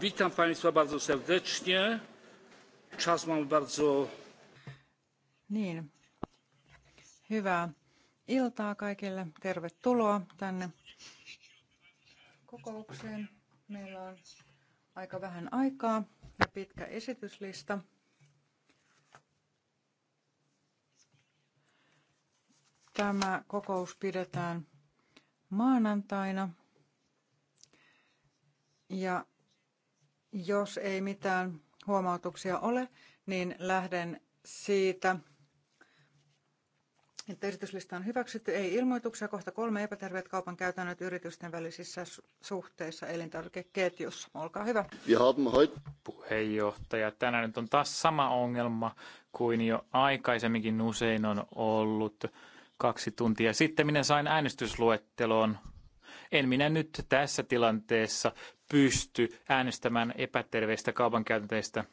witam państwa bardzo serdecznie. czas mam bardzo. Niin. Hyvää iltaa kaikille. Tervetuloa tänne kokoukseen. Meillä on aika vähän aikaa ja pitkä esityslista. Tämä kokous pidetään maanantaina ja jos ei mitään huomautuksia ole, niin lähden siitä, että esityslista on hyväksytty. Ei ilmoituksia. Kohta kolme epäterveet kaupan käytännöt yritysten välisissä suhteissa elintarvikeketjussa. Olkaa hyvä. Puheenjohtaja, tänään nyt on taas sama ongelma kuin jo aikaisemminkin usein on ollut kaksi tuntia. Sitten minä sain äänestysluetteloon. En minä nyt tässä tilanteessa pysty äänestämään epäterveistä kaupankäytänteistä.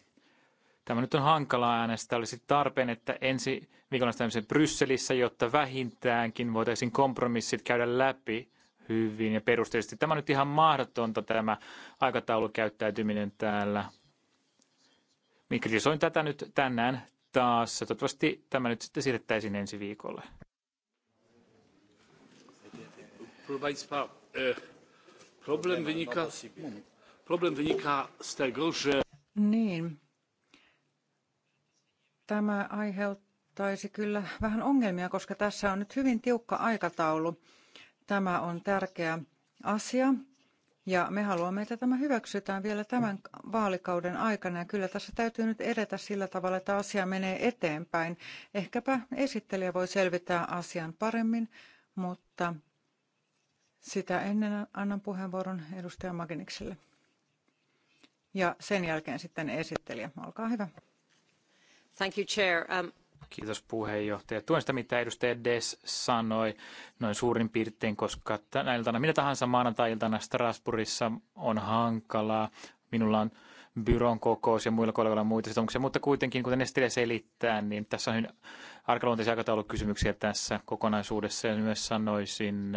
Tämä nyt on hankalaa äänestää. Olisi tarpeen, että ensi viikolla tämmöisen Brysselissä, jotta vähintäänkin voitaisiin kompromissit käydä läpi hyvin ja perusteellisesti. Tämä on nyt ihan mahdotonta tämä aikataulukäyttäytyminen täällä. Minä kritisoin tätä nyt tänään taas. Toivottavasti tämä nyt sitten siirrettäisiin ensi viikolle. Proszę Państwa, eh, Problem wynika, problem wynika z tego, że... Niin. Tämä aiheuttaisi kyllä vähän ongelmia, koska tässä on nyt hyvin tiukka aikataulu. Tämä on tärkeä asia. Ja me haluamme, että tämä hyväksytään vielä tämän vaalikauden aikana. Ja kyllä tässä täytyy nyt edetä sillä tavalla, että asia menee eteenpäin. Ehkäpä esittelijä voi selvittää asian paremmin, mutta sitä ennen annan puheenvuoron edustaja Maginikselle. Ja sen jälkeen sitten esittelijä. Olkaa hyvä. Thank you, Chair. Um... Kiitos puheenjohtaja. Tuen sitä, mitä edustaja Des sanoi noin suurin piirtein, koska tänä iltana, minä tahansa maanantai-iltana Strasbourgissa on hankalaa. Minulla on byron kokous ja muilla kollegoilla muita sitomuksia, mutta kuitenkin, kuten Estille selittää, niin tässä on hyvin arkaluonteisia aikataulukysymyksiä tässä kokonaisuudessa ja myös sanoisin,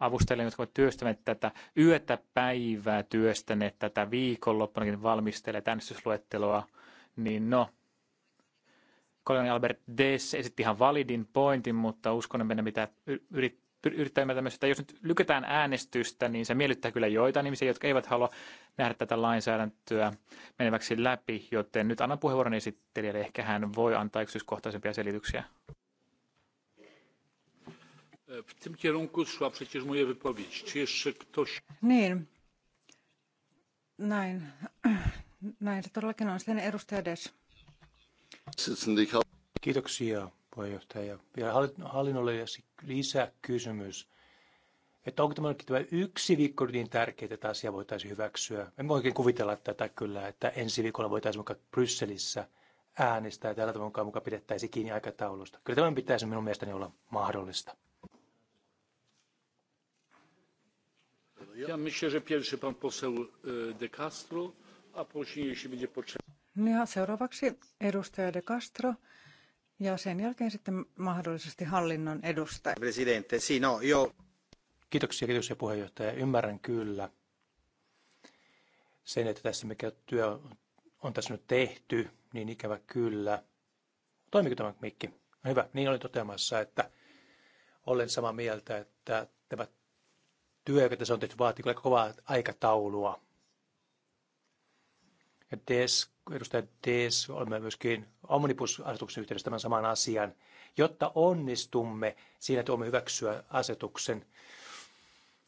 avustajille, jotka ovat työstäneet tätä yötä päivää, työstäneet tätä viikonloppunakin valmistelleet äänestysluetteloa, niin no, kollegani Albert Dess esitti ihan validin pointin, mutta uskon, että meidän pitää yrittää yrittää ymmärtää myös, että jos nyt lykätään äänestystä, niin se miellyttää kyllä joitain ihmisiä, jotka eivät halua nähdä tätä lainsäädäntöä meneväksi läpi, joten nyt annan puheenvuoron esittelijälle, ehkä hän voi antaa yksityiskohtaisempia selityksiä. E, w tym kierunku szła przecież moja wypowiedź. Czy jeszcze ktoś... Niin. Näin. Näin se todellakin on. Sitten edustaja Des. Kiitoksia puheenjohtaja. Vielä hallinnolle lisäkysymys. Että onko tämä, tämä yksi viikko niin tärkeää, että asia voitaisiin hyväksyä? En oikein kuvitella tätä kyllä, että ensi viikolla voitaisiin mukaan Brysselissä äänestää ja tällä tavalla mukaan, mukaan pidettäisiin kiinni aikataulusta. Kyllä tämän pitäisi minun mielestäni olla mahdollista. E, no ja seuraavaksi edustaja De Castro ja sen jälkeen sitten mahdollisesti hallinnon edustaja. Presidente, sì, no, Kiitoksia, kiitoksia puheenjohtaja. Ymmärrän kyllä sen, että tässä mikä työ on tässä nyt tehty, niin ikävä kyllä. Toimiko tämä mikki? No hyvä, niin olin toteamassa, että olen samaa mieltä, että tämä työ, joka tässä on tehty, vaatii kyllä kovaa aikataulua. Ja tees, edustaja tees, olemme myöskin omnibus-asetuksen yhteydessä tämän saman asian, jotta onnistumme siinä, että olemme hyväksyä asetuksen.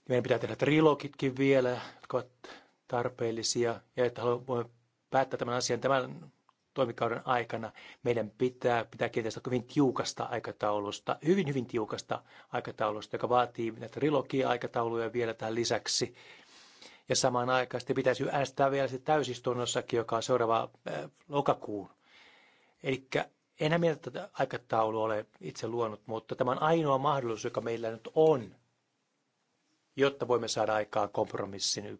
Meidän pitää tehdä trilogitkin vielä, jotka ovat tarpeellisia, ja että haluamme päättää tämän asian tämän toimikauden aikana meidän pitää, pitää kiinteästä hyvin tiukasta aikataulusta, hyvin hyvin tiukasta aikataulusta, joka vaatii näitä trilogia-aikatauluja vielä tähän lisäksi. Ja samaan aikaan sitten pitäisi äänestää vielä se täysistunnossakin, joka on seuraava äh, lokakuun. Eli enää mieltä tätä aikataulua ole itse luonut, mutta tämä on ainoa mahdollisuus, joka meillä nyt on, jotta voimme saada aikaan kompromissin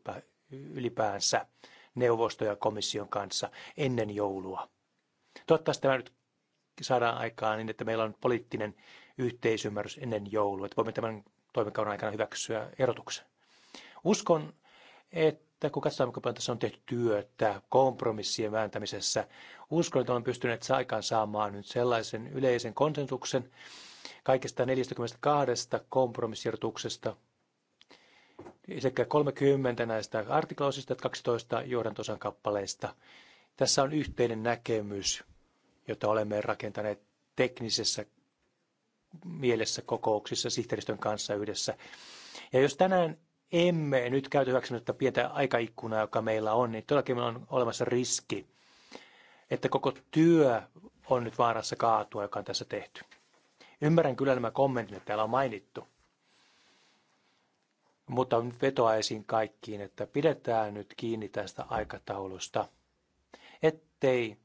ylipäänsä neuvosto ja komission kanssa ennen joulua. Toivottavasti tämä nyt saadaan aikaan niin, että meillä on poliittinen yhteisymmärrys ennen joulua, että voimme tämän toimikauden aikana hyväksyä erotuksen. Uskon, että kun katsotaan, kuinka paljon tässä on tehty työtä kompromissien vääntämisessä, uskon, että olemme pystyneet aikaan saamaan nyt sellaisen yleisen konsensuksen kaikista 42 kompromissiertuksesta, sekä 30 näistä artiklausista että 12 johdantosan kappaleista. Tässä on yhteinen näkemys, jota olemme rakentaneet teknisessä mielessä kokouksissa sihteeristön kanssa yhdessä. Ja jos tänään emme nyt käytä hyväksymättä pientä aikaikkunaa, joka meillä on, niin todellakin meillä on olemassa riski, että koko työ on nyt vaarassa kaatua, joka on tässä tehty. Ymmärrän kyllä nämä kommentit, että täällä on mainittu. Mutta nyt vetoaisin kaikkiin, että pidetään nyt kiinni tästä aikataulusta, ettei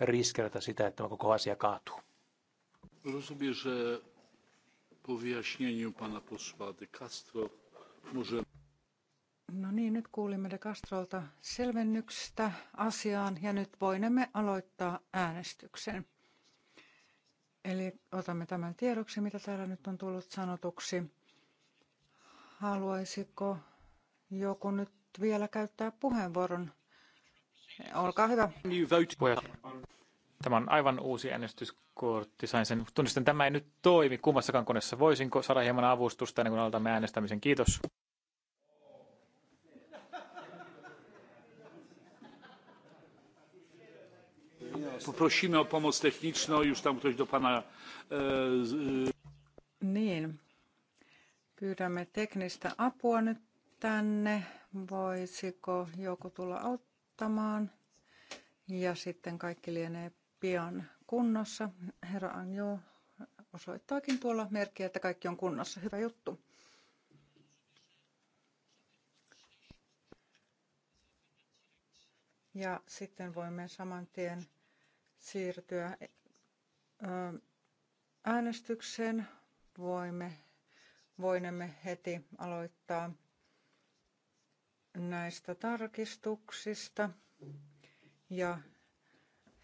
riskerätä sitä, että tämä koko asia kaatuu. No niin, nyt kuulimme de Castrolta selvennyksestä asiaan ja nyt voinemme aloittaa äänestyksen. Eli otamme tämän tiedoksi, mitä täällä nyt on tullut sanotuksi. Haluaisiko joku nyt vielä käyttää puheenvuoron? Olkaa hyvä. Tämä on aivan uusi äänestyskortti. Sain sen. Tunnistan, tämä ei nyt toimi kummassakaan koneessa. Voisinko saada hieman avustusta ennen kuin aloitamme äänestämisen? Kiitos. Poprosimy o pomoc techniczną. Już tam ktoś do pana... E, niin, Pyydämme teknistä apua nyt tänne. Voisiko joku tulla auttamaan? Ja sitten kaikki lienee pian kunnossa. Herra Anjo osoittaakin tuolla merkkiä, että kaikki on kunnossa. Hyvä juttu. Ja sitten voimme saman tien siirtyä äänestykseen. Voimme voinemme heti aloittaa näistä tarkistuksista. Ja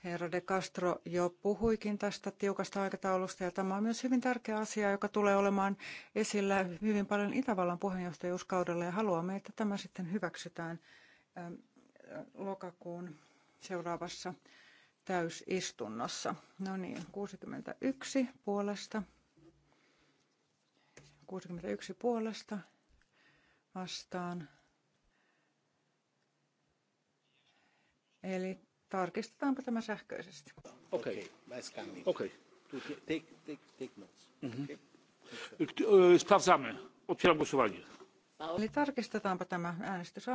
herra de Castro jo puhuikin tästä tiukasta aikataulusta ja tämä on myös hyvin tärkeä asia, joka tulee olemaan esillä hyvin paljon Itävallan puheenjohtajuuskaudella ja haluamme, että tämä sitten hyväksytään ähm, lokakuun seuraavassa täysistunnossa. No niin, 61 puolesta 61 puolesta vastaan. Eli tarkistetaanpa tämä sähköisesti. Okei, okay. okei. Okay. Take, take, take notes. Mm-hmm. Okay. E, sprawdzamy. Otwieram głosowanie. Eli tarkistetaanpa tämä äänestys.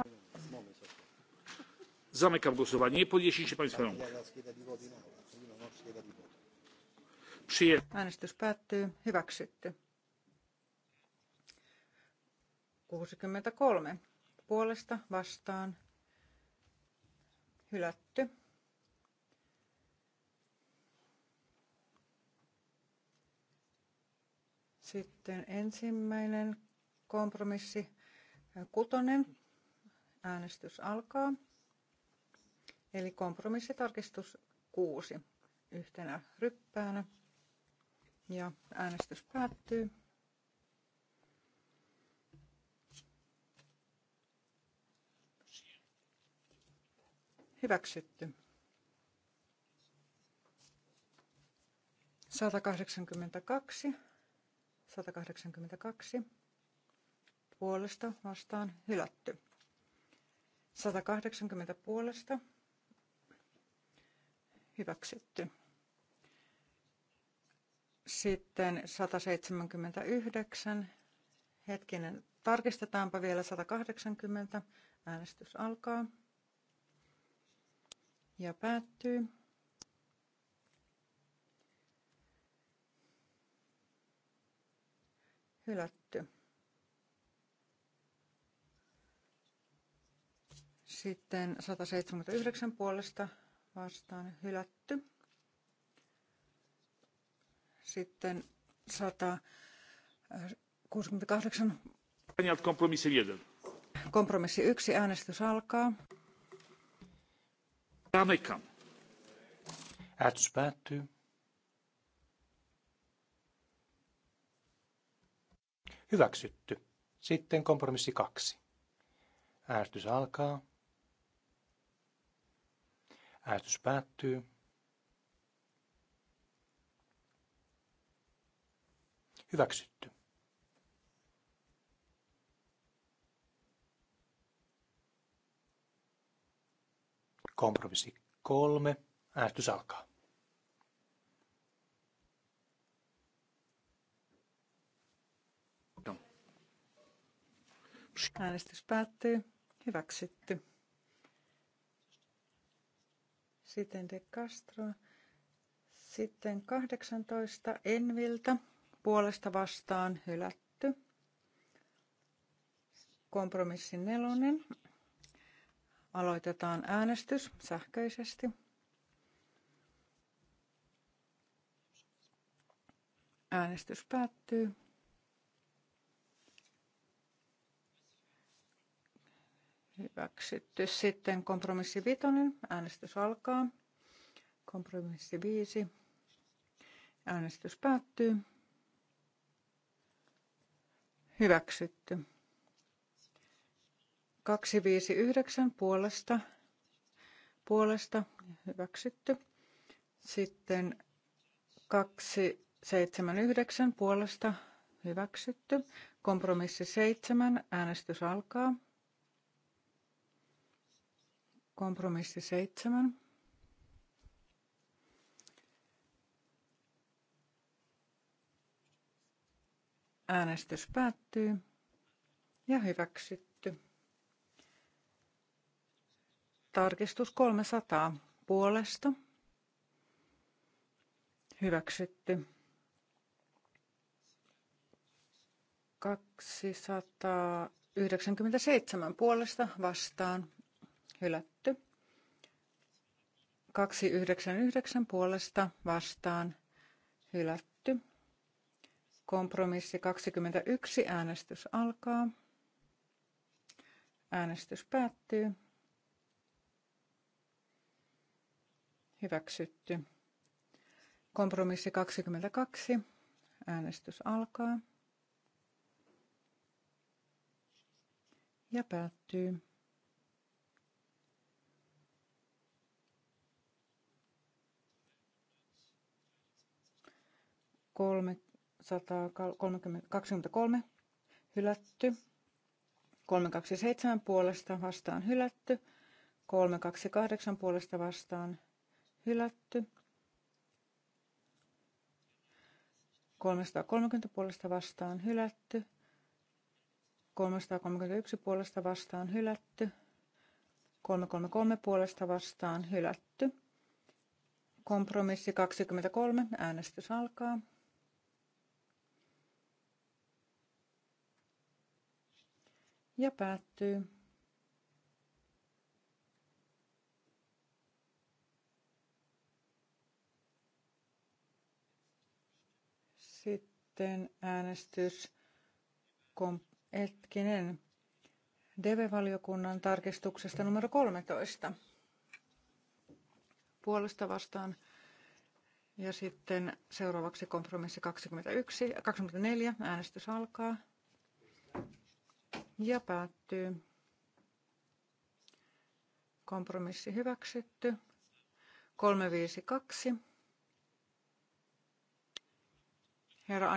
Zamykam głosowanie. Nie podnieśliście Państwo rąk. Przyjęty. Äänestys päättyy. Hyväksytty. 63 puolesta vastaan hylätty. Sitten ensimmäinen kompromissi kutonen. Äänestys alkaa. Eli kompromissitarkistus 6 yhtenä ryppäänä. Ja äänestys päättyy. Hyväksytty. 182. 182. Puolesta vastaan hylätty. 180 puolesta hyväksytty. Sitten 179. Hetkinen, tarkistetaanpa vielä 180. Äänestys alkaa ja päättyy. Hylätty. Sitten 179 puolesta vastaan hylätty. Sitten 168. Kompromissi 1. Kompromissi 1. Äänestys alkaa. Zamykam. Äänestys päättyy. Hyväksytty. Sitten kompromissi kaksi. Äänestys alkaa. Äänestys päättyy. Hyväksytty. Kompromissi kolme. Äänestys alkaa. Äänestys päättyy. Hyväksytty. Sitten De Castro. Sitten 18 Enviltä. Puolesta vastaan hylätty. Kompromissi nelonen. Aloitetaan äänestys sähköisesti. Äänestys päättyy. Hyväksytty. Sitten kompromissi vitonen. Äänestys alkaa. Kompromissi 5. Äänestys päättyy. Hyväksytty. 259 puolesta, puolesta hyväksytty. Sitten 279 puolesta hyväksytty. Kompromissi 7, äänestys alkaa. Kompromissi 7. Äänestys päättyy ja hyväksyt. Tarkistus 300 puolesta. Hyväksytty. 297 puolesta vastaan. Hylätty. 299 puolesta vastaan. Hylätty. Kompromissi 21. Äänestys alkaa. Äänestys päättyy. Hyväksytty. Kompromissi 22. Äänestys alkaa. Ja päättyy. Kolme 23 hylätty. 327 puolesta vastaan hylätty. 328 puolesta vastaan Hylätty. 330 puolesta vastaan hylätty. 331 puolesta vastaan hylätty. 333 puolesta vastaan hylätty. Kompromissi 23. Äänestys alkaa. Ja päättyy. sitten äänestys hetkinen, DV-valiokunnan tarkistuksesta numero 13. Puolesta vastaan. Ja sitten seuraavaksi kompromissi 21, 24. Äänestys alkaa ja päättyy. Kompromissi hyväksytty. 352 Meillä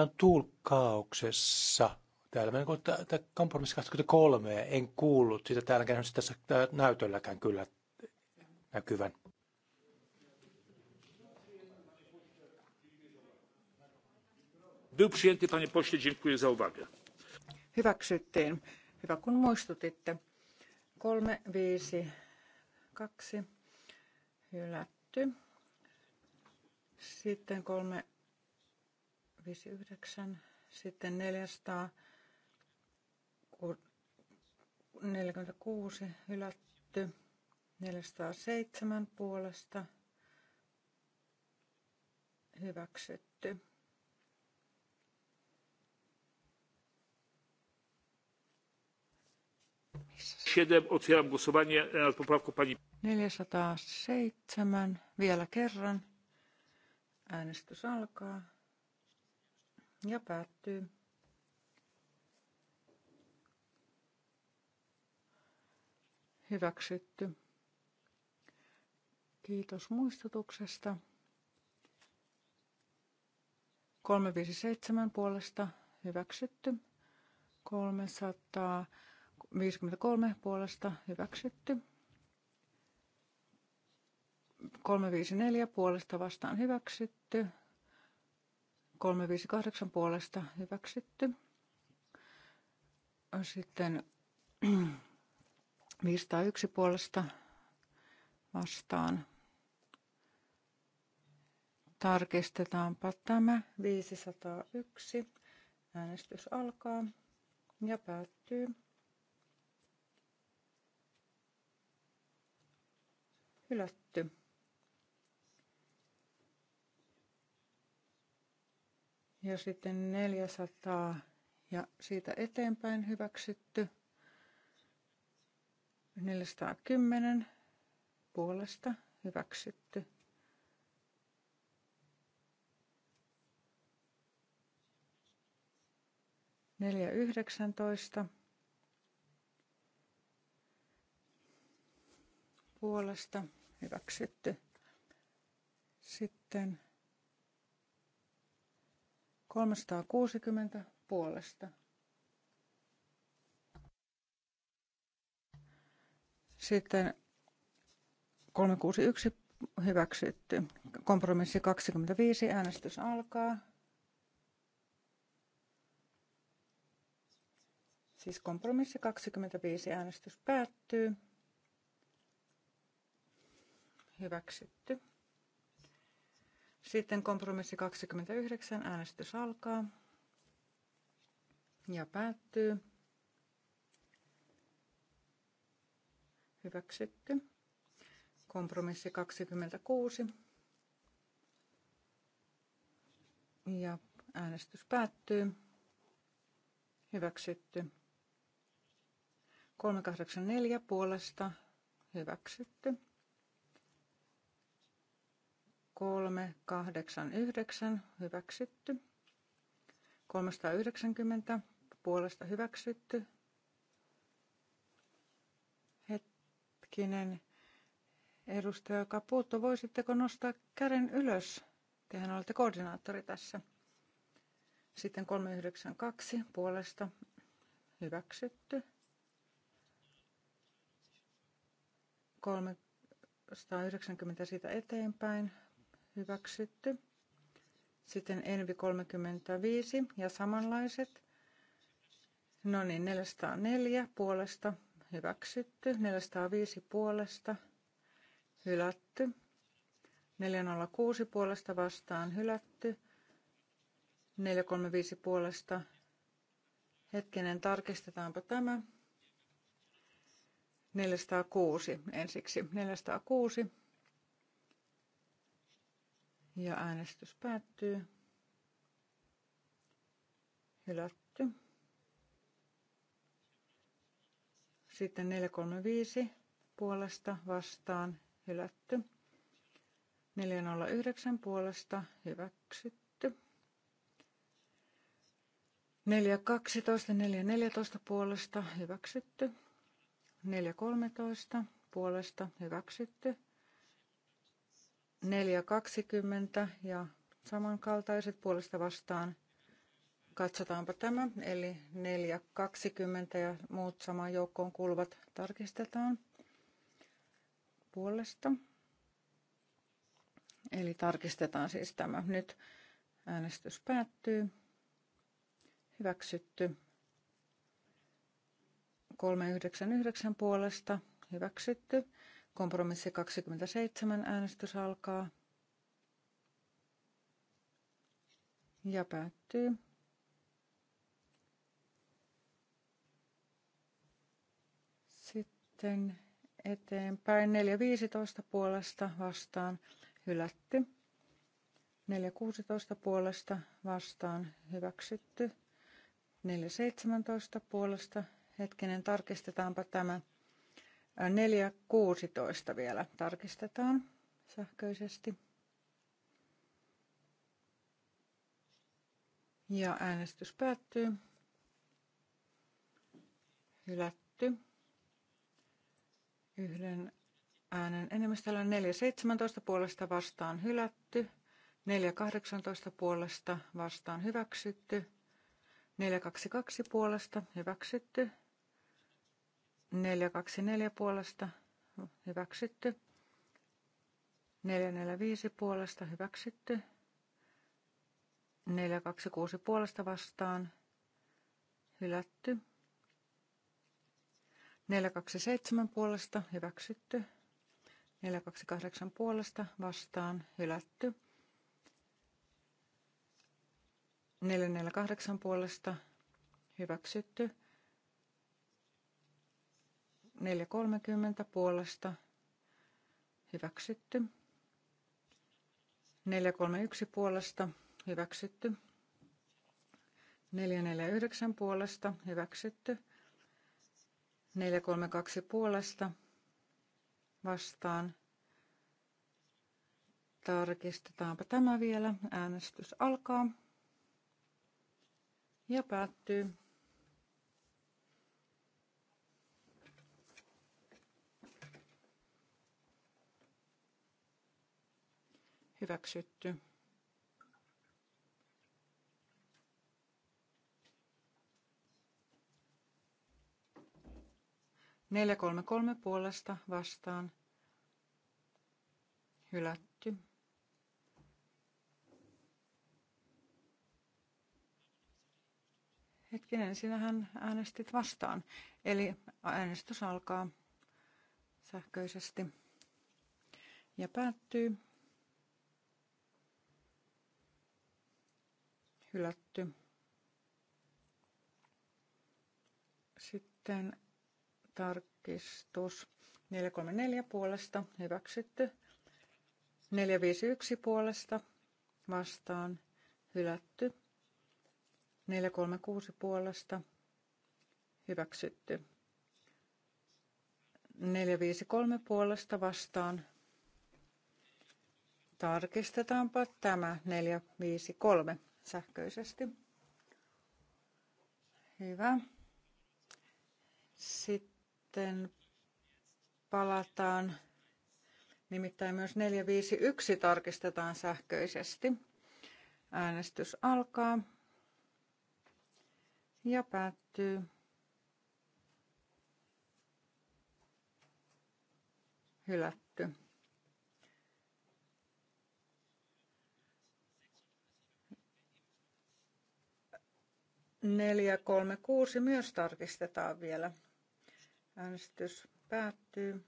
on tulkkauksessa täällä. meillä on tämä kompromissi 23, en kuullut sitä täällä käynyt tässä näytölläkään kyllä näkyvän. Hyväksyttiin. Hyvä, kun muistutitte. 3, 5, 2, hylätty. Sitten 359, sitten 446 hylätty, 407 puolesta hyväksytty. Siedem, otwieram głosowanie nad poprawką pani. 407 vielä kerran Äänestys alkaa ja päättyy. Hyväksytty. Kiitos muistutuksesta. 357 puolesta hyväksytty. 353 puolesta hyväksytty. 354 puolesta vastaan hyväksytty hyväksytty. 358 puolesta hyväksytty. Sitten 501 puolesta vastaan. Tarkistetaanpa tämä 501. Äänestys alkaa ja päättyy. Hylätty. Ja sitten 400 ja siitä eteenpäin hyväksytty. 410 puolesta hyväksytty. Neljä yhdeksäntoista puolesta hyväksytty. Sitten 360 puolesta. Sitten 361 hyväksytty. Kompromissi 25, äänestys alkaa. Siis kompromissi 25, äänestys päättyy. Hyväksytty. Sitten kompromissi 29, äänestys alkaa ja päättyy. Hyväksytty. Kompromissi 26. Ja äänestys päättyy. Hyväksytty. 384 puolesta hyväksytty. 3, 8, 9 hyväksytty. 390 puolesta hyväksytty. Hetkinen. Edustaja Kapuutto, voisitteko nostaa käden ylös? Tehän olette koordinaattori tässä. Sitten 392 puolesta hyväksytty. 390 siitä eteenpäin hyväksytty. Sitten Envi 35 ja samanlaiset. No niin, 404 puolesta hyväksytty, 405 puolesta hylätty, 406 puolesta vastaan hylätty, 435 puolesta. Hetkinen, tarkistetaanpa tämä. 406 ensiksi. 406 ja äänestys päättyy. Hylätty. Sitten 435 puolesta vastaan hylätty. 409 puolesta hyväksytty. 412, 414 puolesta hyväksytty. 413 puolesta hyväksytty. 4.20 ja samankaltaiset puolesta vastaan. Katsotaanpa tämä, eli 4.20 ja muut samaan joukkoon kuuluvat tarkistetaan puolesta. Eli tarkistetaan siis tämä. Nyt äänestys päättyy. Hyväksytty. 399 puolesta hyväksytty. Kompromissi 27 äänestys alkaa. Ja päättyy. Sitten eteenpäin 4.15 puolesta vastaan hylätty. 4.16 puolesta vastaan hyväksytty. 4.17 puolesta. Hetkinen, tarkistetaanpa tämä. 4.16 vielä tarkistetaan sähköisesti. Ja äänestys päättyy. Hylätty. Yhden äänen enemmistöllä 4.17 puolesta vastaan hylätty. 4.18 puolesta vastaan hyväksytty. 4.22 puolesta hyväksytty. 424 puolesta hyväksytty. 445 puolesta hyväksytty. 426 puolesta vastaan hylätty. 427 puolesta hyväksytty. 428 puolesta vastaan hylätty. 448 puolesta hyväksytty. 4.30 puolesta hyväksytty. 431 puolesta hyväksytty. 449 puolesta hyväksytty. 432 puolesta vastaan. Tarkistetaanpa tämä vielä. Äänestys alkaa ja päättyy. Hyväksytty. Neljä kolme kolme puolesta vastaan. Hylätty. Hetkinen, sinähän äänestit vastaan. Eli äänestys alkaa sähköisesti ja päättyy. hylätty. Sitten tarkistus 434 puolesta hyväksytty. 451 puolesta vastaan hylätty. 436 puolesta hyväksytty. 453 puolesta vastaan. Tarkistetaanpa tämä 453 sähköisesti. Hyvä. Sitten palataan. Nimittäin myös 451 tarkistetaan sähköisesti. Äänestys alkaa ja päättyy. Hylätty. 436 myös tarkistetaan vielä. Äänestys päättyy.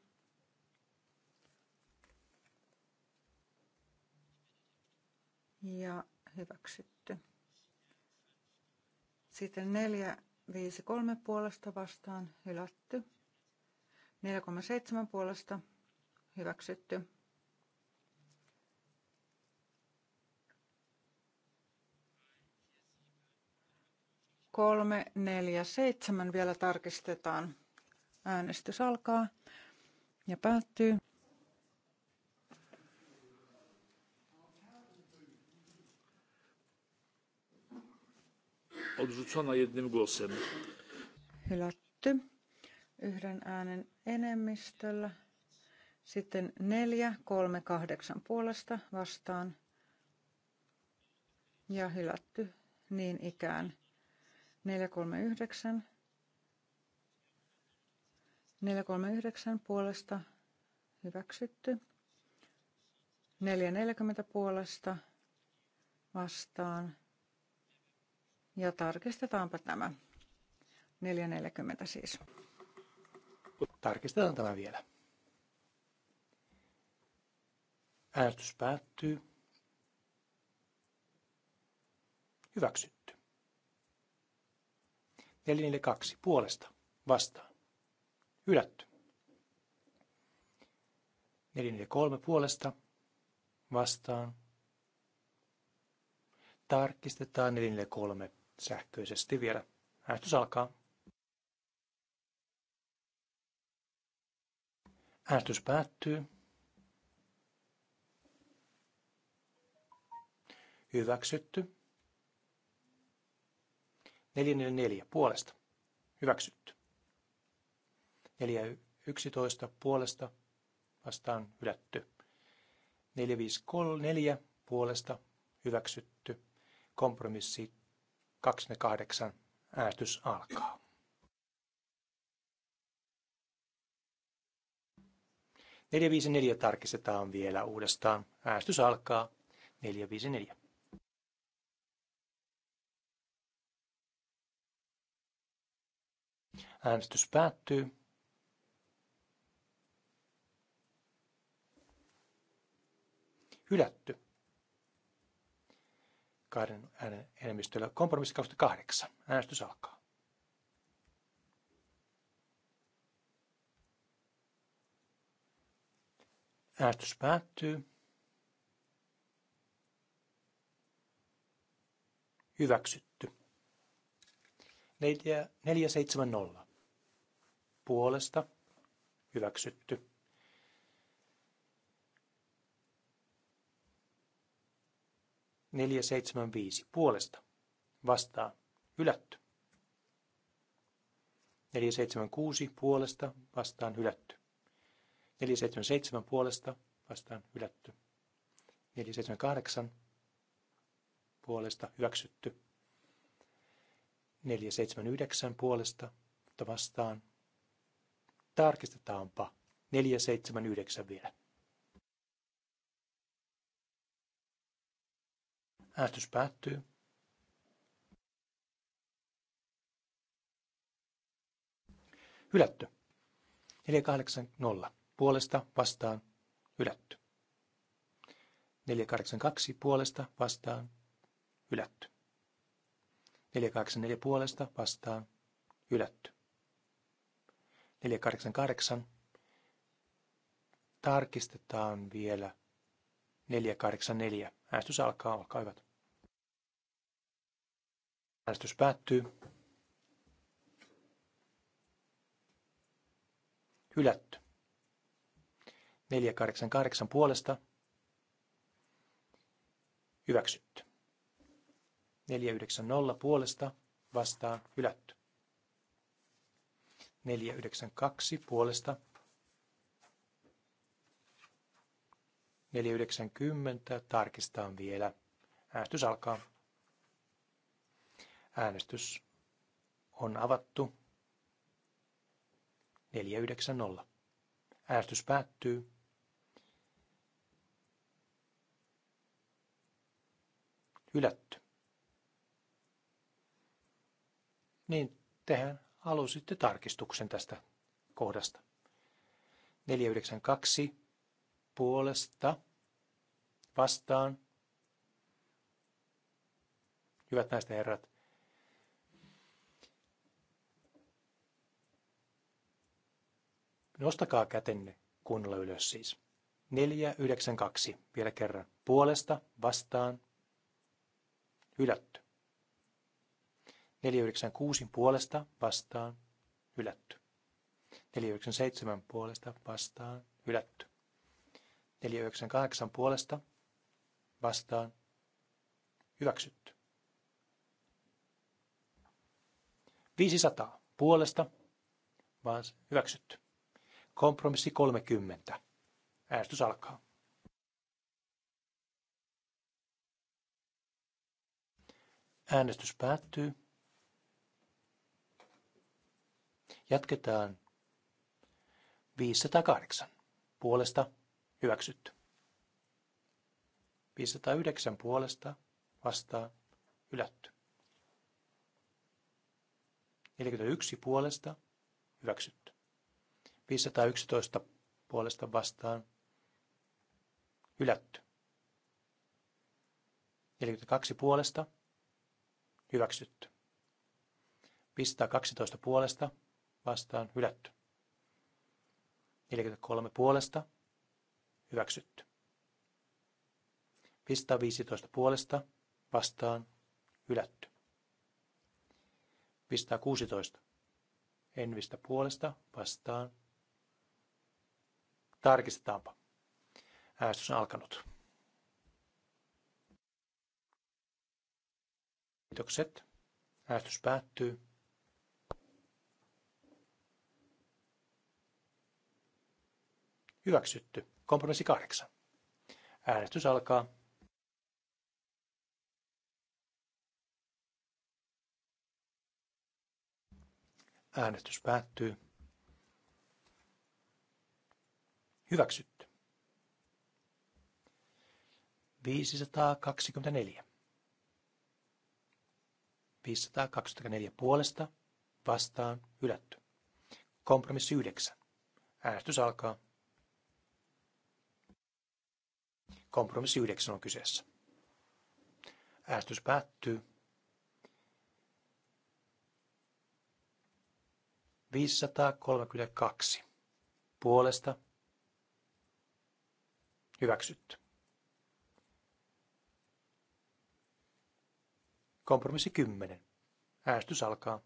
Ja hyväksytty. Sitten 453 puolesta vastaan hylätty. 4,7 puolesta hyväksytty. Kolme, neljä, seitsemän vielä tarkistetaan. Äänestys alkaa ja päättyy. Odrzucona jednym głosem. Hylätty yhden äänen enemmistöllä. Sitten neljä, kolme, kahdeksan puolesta vastaan ja hylätty niin ikään. 439. 439 puolesta hyväksytty. 440 puolesta vastaan. Ja tarkistetaanpa tämä. 440 siis. Tarkistetaan tämä vielä. Äänestys päättyy. Hyväksytty. 442 puolesta vastaan. Hylätty. 443 puolesta vastaan. Tarkistetaan 443 sähköisesti vielä. Äänestys alkaa. Äänestys päättyy. Hyväksytty. 444 puolesta. Hyväksytty. 411 puolesta vastaan hylätty. 454 puolesta hyväksytty. Kompromissi 28 äänestys alkaa. Neljä viisi neljä tarkistetaan vielä uudestaan. Äänestys alkaa. Neljä viisi neljä. Äänestys päättyy. Hylätty. Kahden äänen enemmistöllä kompromissi 28. Äänestys alkaa. Äänestys päättyy. Hyväksytty. 470 puolesta hyväksytty. Neljä seitsemän viisi puolesta vastaa hylätty. kuusi puolesta vastaan hylätty. seitsemän puolesta vastaan hylätty. 478 puolesta hyväksytty. yhdeksän puolesta vastaan Tarkistetaanpa 479 vielä. Äänestys päättyy. Hylätty. 480 puolesta vastaan hylätty. 482 puolesta vastaan hylätty. 484 puolesta vastaan hylätty. 488. Tarkistetaan vielä 484. Äänestys alkaa, olkaa hyvät. Äänestys päättyy. Hylätty. 488 puolesta. Hyväksytty. 490 puolesta vastaan hylätty. 492 puolesta. 490 tarkistetaan vielä. Äänestys alkaa. Äänestys on avattu. 490. Äänestys päättyy. Hylätty. Niin tehdään halusitte tarkistuksen tästä kohdasta. 492 puolesta vastaan. Hyvät näistä herrat, nostakaa kätenne kunnolla ylös siis. 492 vielä kerran puolesta vastaan hylätty. 496 puolesta vastaan hylätty. 497 puolesta vastaan hylätty. 498 puolesta vastaan hyväksytty. 500 puolesta vaan hyväksytty. Kompromissi 30. Äänestys alkaa. Äänestys päättyy. Jatketaan 508. Puolesta hyväksytty. 509 puolesta vastaa hylätty. 41 puolesta hyväksytty. 511 puolesta vastaan hylätty. 42 puolesta hyväksytty. 512 puolesta vastaan hylätty. 43 puolesta hyväksytty. 515 puolesta vastaan hylätty. 516 envistä puolesta vastaan. Tarkistetaanpa. Äänestys on alkanut. Kiitokset. Äänestys päättyy. Hyväksytty. Kompromissi kahdeksan. Äänestys alkaa. Äänestys päättyy. Hyväksytty. 524. 524 puolesta vastaan hylätty. Kompromissi 9. Äänestys alkaa. Kompromissi 9 on kyseessä. Äästys päättyy. 532. Puolesta. Hyväksytty. Kompromissi 10. Äästys alkaa.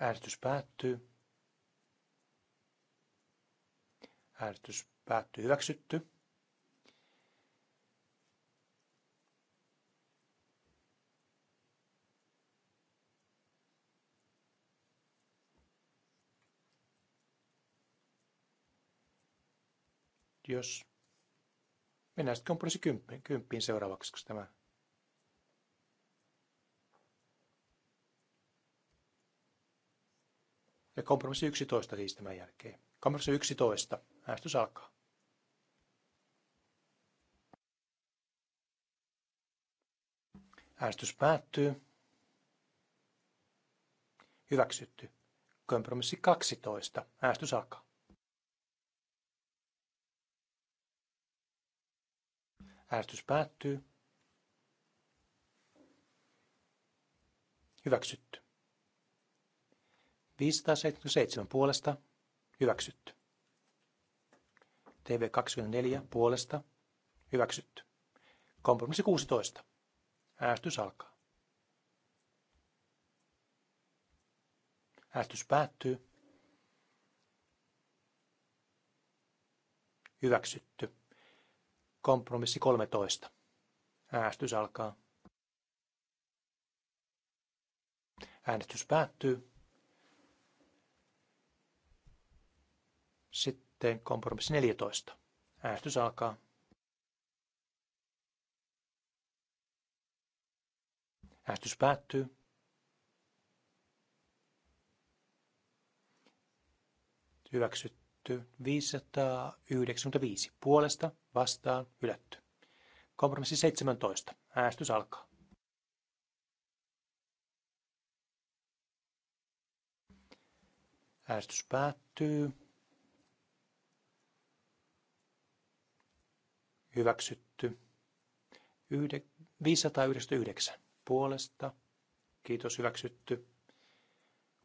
Äänestys päättyy. Äänestys päättyy hyväksytty. Jos mennään sitten kompromissi kymppiin, kymppiin seuraavaksi, koska tämä ja kompromissi 11 siis tämän jälkeen. Kompromissi 11. Äänestys alkaa. Äänestys päättyy. Hyväksytty. Kompromissi 12. Äänestys alkaa. Äänestys päättyy. Hyväksytty. 577 puolesta. Hyväksytty. TV24 puolesta hyväksytty. Kompromissi 16. Äänestys alkaa. Äänestys päättyy. Hyväksytty. Kompromissi 13. Äänestys alkaa. Äänestys päättyy. Sitten Teen kompromissi 14. Äänestys alkaa. Äänestys päättyy. Hyväksytty 595. Puolesta vastaan hylätty. Kompromissi 17. Äänestys alkaa. Äänestys päättyy. hyväksytty. 599 puolesta, kiitos hyväksytty.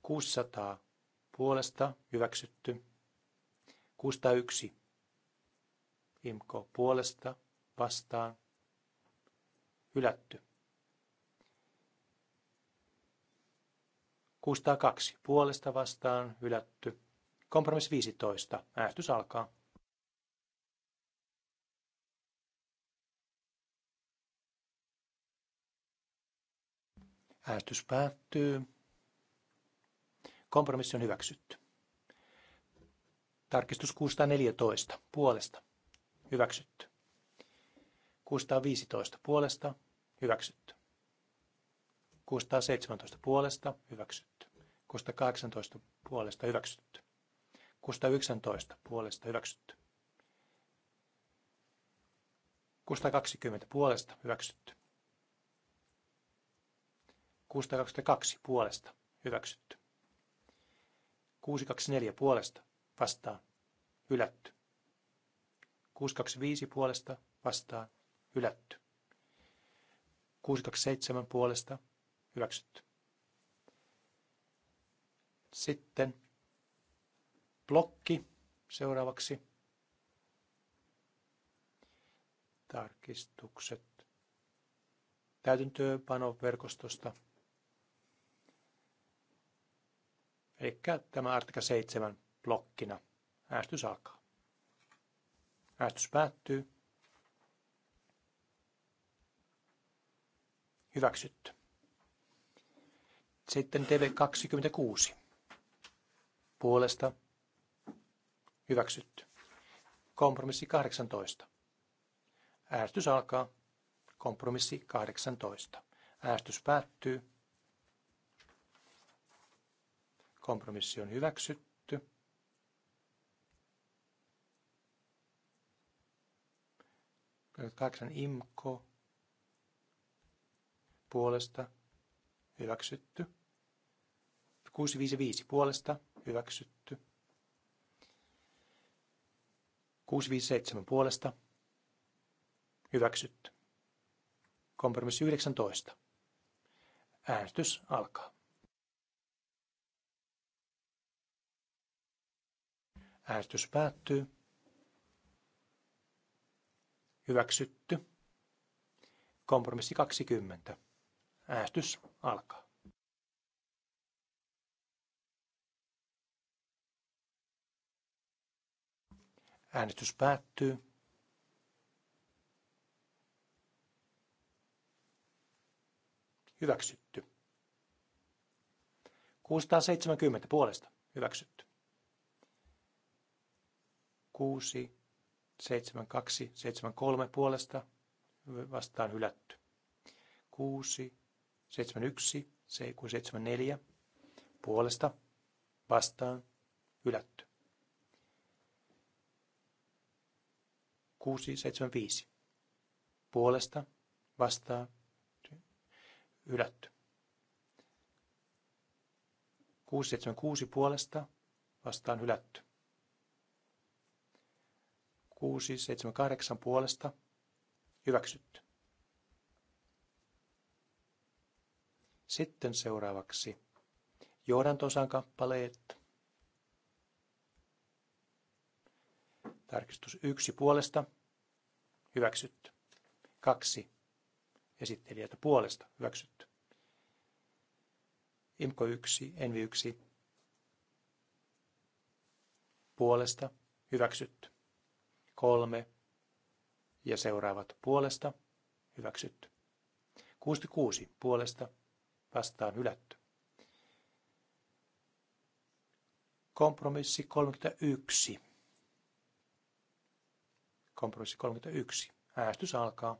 600 puolesta hyväksytty. 601 imko puolesta vastaan hylätty. 602 puolesta vastaan hylätty. Kompromiss 15. Äänestys alkaa. Äänestys päättyy. Kompromissi on hyväksytty. Tarkistus 614 puolesta. Hyväksytty. 615 puolesta. Hyväksytty. 617 puolesta. Hyväksytty. 618 puolesta. Hyväksytty. 619 puolesta. Hyväksytty. 620 puolesta. Hyväksytty. 622 puolesta hyväksytty. 624 puolesta vastaan hylätty. 625 puolesta vastaan hylätty. 627 puolesta hyväksytty. Sitten blokki seuraavaksi. Tarkistukset täytäntöönpanon verkostosta Eli tämä artikka 7 blokkina. Äästys alkaa. Äästys päättyy. Hyväksytty. Sitten TV26. Puolesta. Hyväksytty. Kompromissi 18. Äästys alkaa. Kompromissi 18. Äästys päättyy. Kompromissi on hyväksytty. Kahdeksan imko puolesta hyväksytty. 655 puolesta hyväksytty. 657 puolesta hyväksytty. Kompromissi 19. Äänestys alkaa. Äänestys päättyy. Hyväksytty. Kompromissi 20. Äänestys alkaa. Äänestys päättyy. Hyväksytty. 670 puolesta. Hyväksytty. 6, 7, 2, 7, 3 puolesta vastaan hylätty. 6, 7, 1, 7, 4 puolesta vastaan hylätty. 6, 7, 5 puolesta vastaan hylätty. 676 puolesta vastaan hylätty. 6, 7, puolesta hyväksytty. Sitten seuraavaksi johdantosan kappaleet. Tarkistus 1 puolesta hyväksytty. Kaksi esittelijältä puolesta hyväksytty. Imko 1, Envi 1 puolesta hyväksytty. 3 ja seuraavat puolesta hyväksytty. 66 puolesta vastaan hylätty. Kompromissi 31. Kompromissi 31. Äänestys alkaa.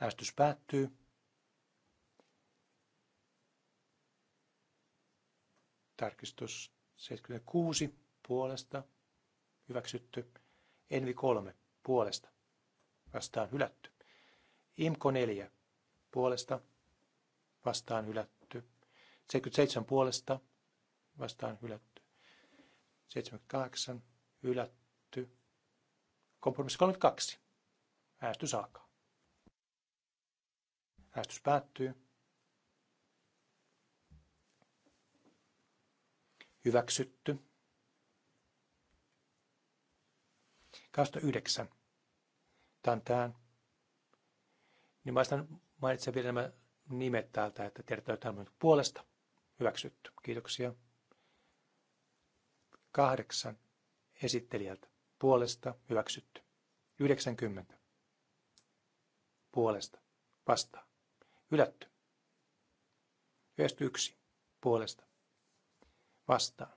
Äänestys päättyy. Tarkistus 76 puolesta hyväksytty. Envi 3 puolesta vastaan hylätty. Imko 4 puolesta vastaan hylätty. 77 puolesta vastaan hylätty. 78 hylätty. Kompromissi 32. Äänestys alkaa. Äänestys päättyy. Hyväksytty. yhdeksän. Tämä on tämä. Niin mä mainitsen vielä nämä nimet täältä, että tiedät, että on puolesta. Hyväksytty. Kiitoksia. Kahdeksan esittelijältä. Puolesta hyväksytty. 90. Puolesta. ylätty. Hylätty. 91. Puolesta vastaan.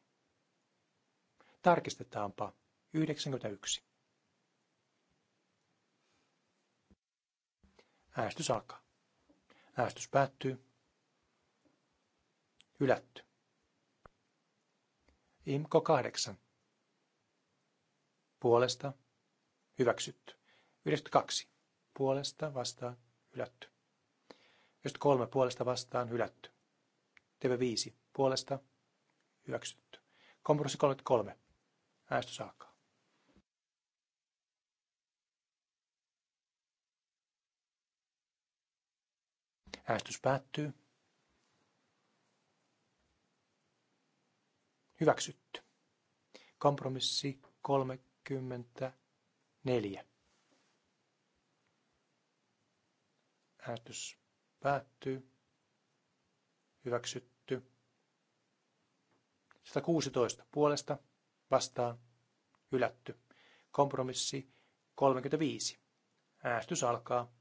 Tarkistetaanpa 91. Äänestys alkaa. Äänestys päättyy. Hylätty. Imko 8. Puolesta. Hyväksytty. 92. Puolesta vastaan. Hylätty. 93. Puolesta vastaan. Hylätty. TV5. Puolesta Hyväksytty. Kompromissi 33. Äänestys alkaa. Äänestys päättyy. Hyväksytty. Kompromissi 34. Äänestys päättyy. Hyväksytty 116 puolesta vastaan hylätty. Kompromissi 35. Äänestys alkaa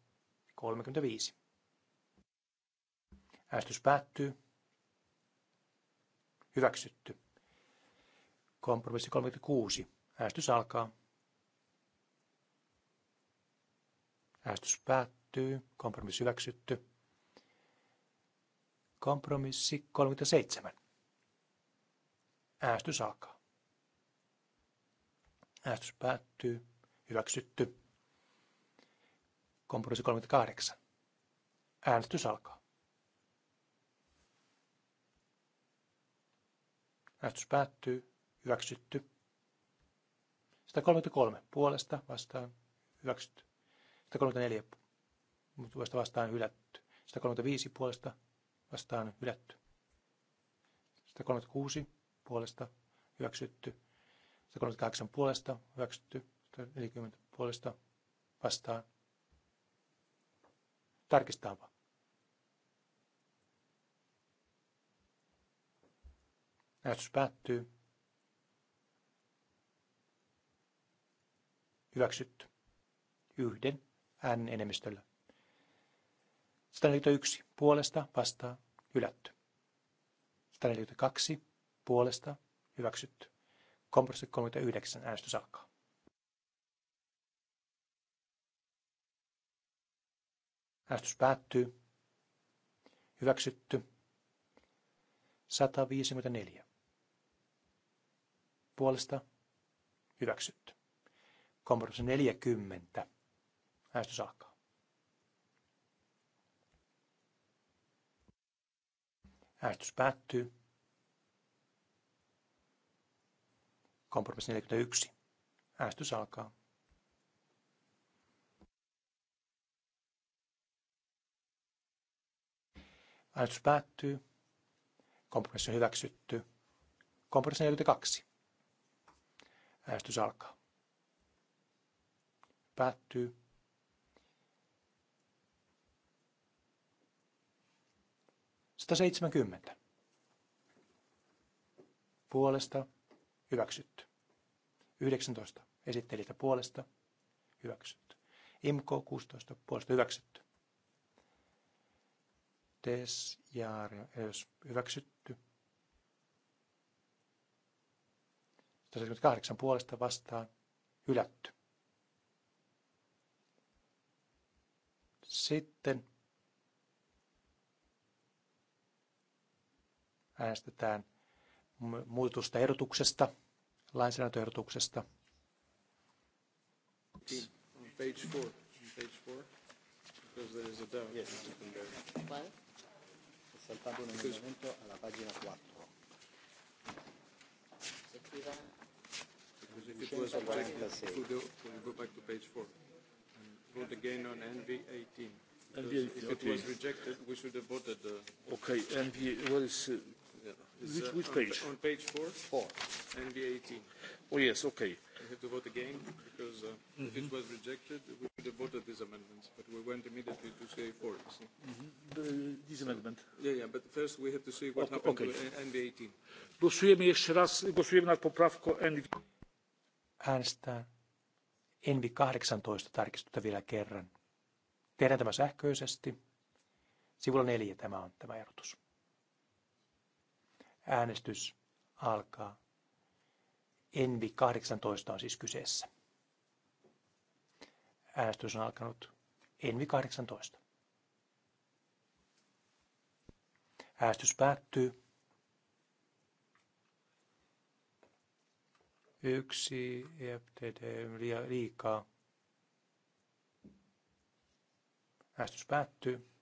35. Äänestys päättyy. Hyväksytty. Kompromissi 36. Äänestys alkaa. Äänestys päättyy. Kompromissi hyväksytty. Kompromissi 37 äästys alkaa. Äästys päättyy. Hyväksytty. Kompromissi 38. Äänestys alkaa. Äänestys päättyy. Hyväksytty. 133 puolesta vastaan hyväksytty. 134 puolesta vastaan hylätty. 135 puolesta vastaan hylätty. 136 puolesta hyväksytty, 138 puolesta hyväksytty, 140 puolesta vastaan. Tarkistaanpa. Äänestys päättyy. Hyväksytty. Yhden äänen enemmistöllä. 141 puolesta vastaan hylätty. 142 puolesta hyväksytty. Kompromissi 39 äänestys alkaa. Äänestys päättyy. Hyväksytty. 154. Puolesta hyväksytty. Kompromissi 40. Äänestys alkaa. Äänestys päättyy. Kompromissi 41. Äänestys alkaa. Äänestys päättyy. Kompromissi on hyväksytty. Kompromissi 42. Äänestys alkaa. Päättyy. Sataseitsemänkymmentä. Puolesta Hyväksytty. 19. Esittelijältä puolesta. Hyväksytty. IMKO 16. Puolesta hyväksytty. TES ja EUS hyväksytty. 178 puolesta vastaan hylätty. Sitten äänestetään muutosta erotuksesta, lainsäädäntöehdotuksesta. Because if it was okay. rejected, we should have voted Okay, NV, is uh, Which, uh, which page? On page four. Four. NBA 18. Oh, yes, okay. We have to vote again because uh, mm-hmm. if it mm-hmm. was rejected, we would have voted these amendments, but we went immediately to say four. So. Mm-hmm. This so, amendment. Yeah, yeah, but first we have to see what okay, happened okay. to NVA 18. Głosujemy jeszcze raz, głosujemy nad poprawką NBA. Äänestää nb 18 tarkistusta vielä kerran. Tehdään tämä sähköisesti. Sivulla neljä tämä on tämä erotus. Äänestys alkaa. Envi 18 on siis kyseessä. Äänestys on alkanut Envi 18. Äänestys päättyy. Yksi EFTD liikaa. Äänestys päättyy.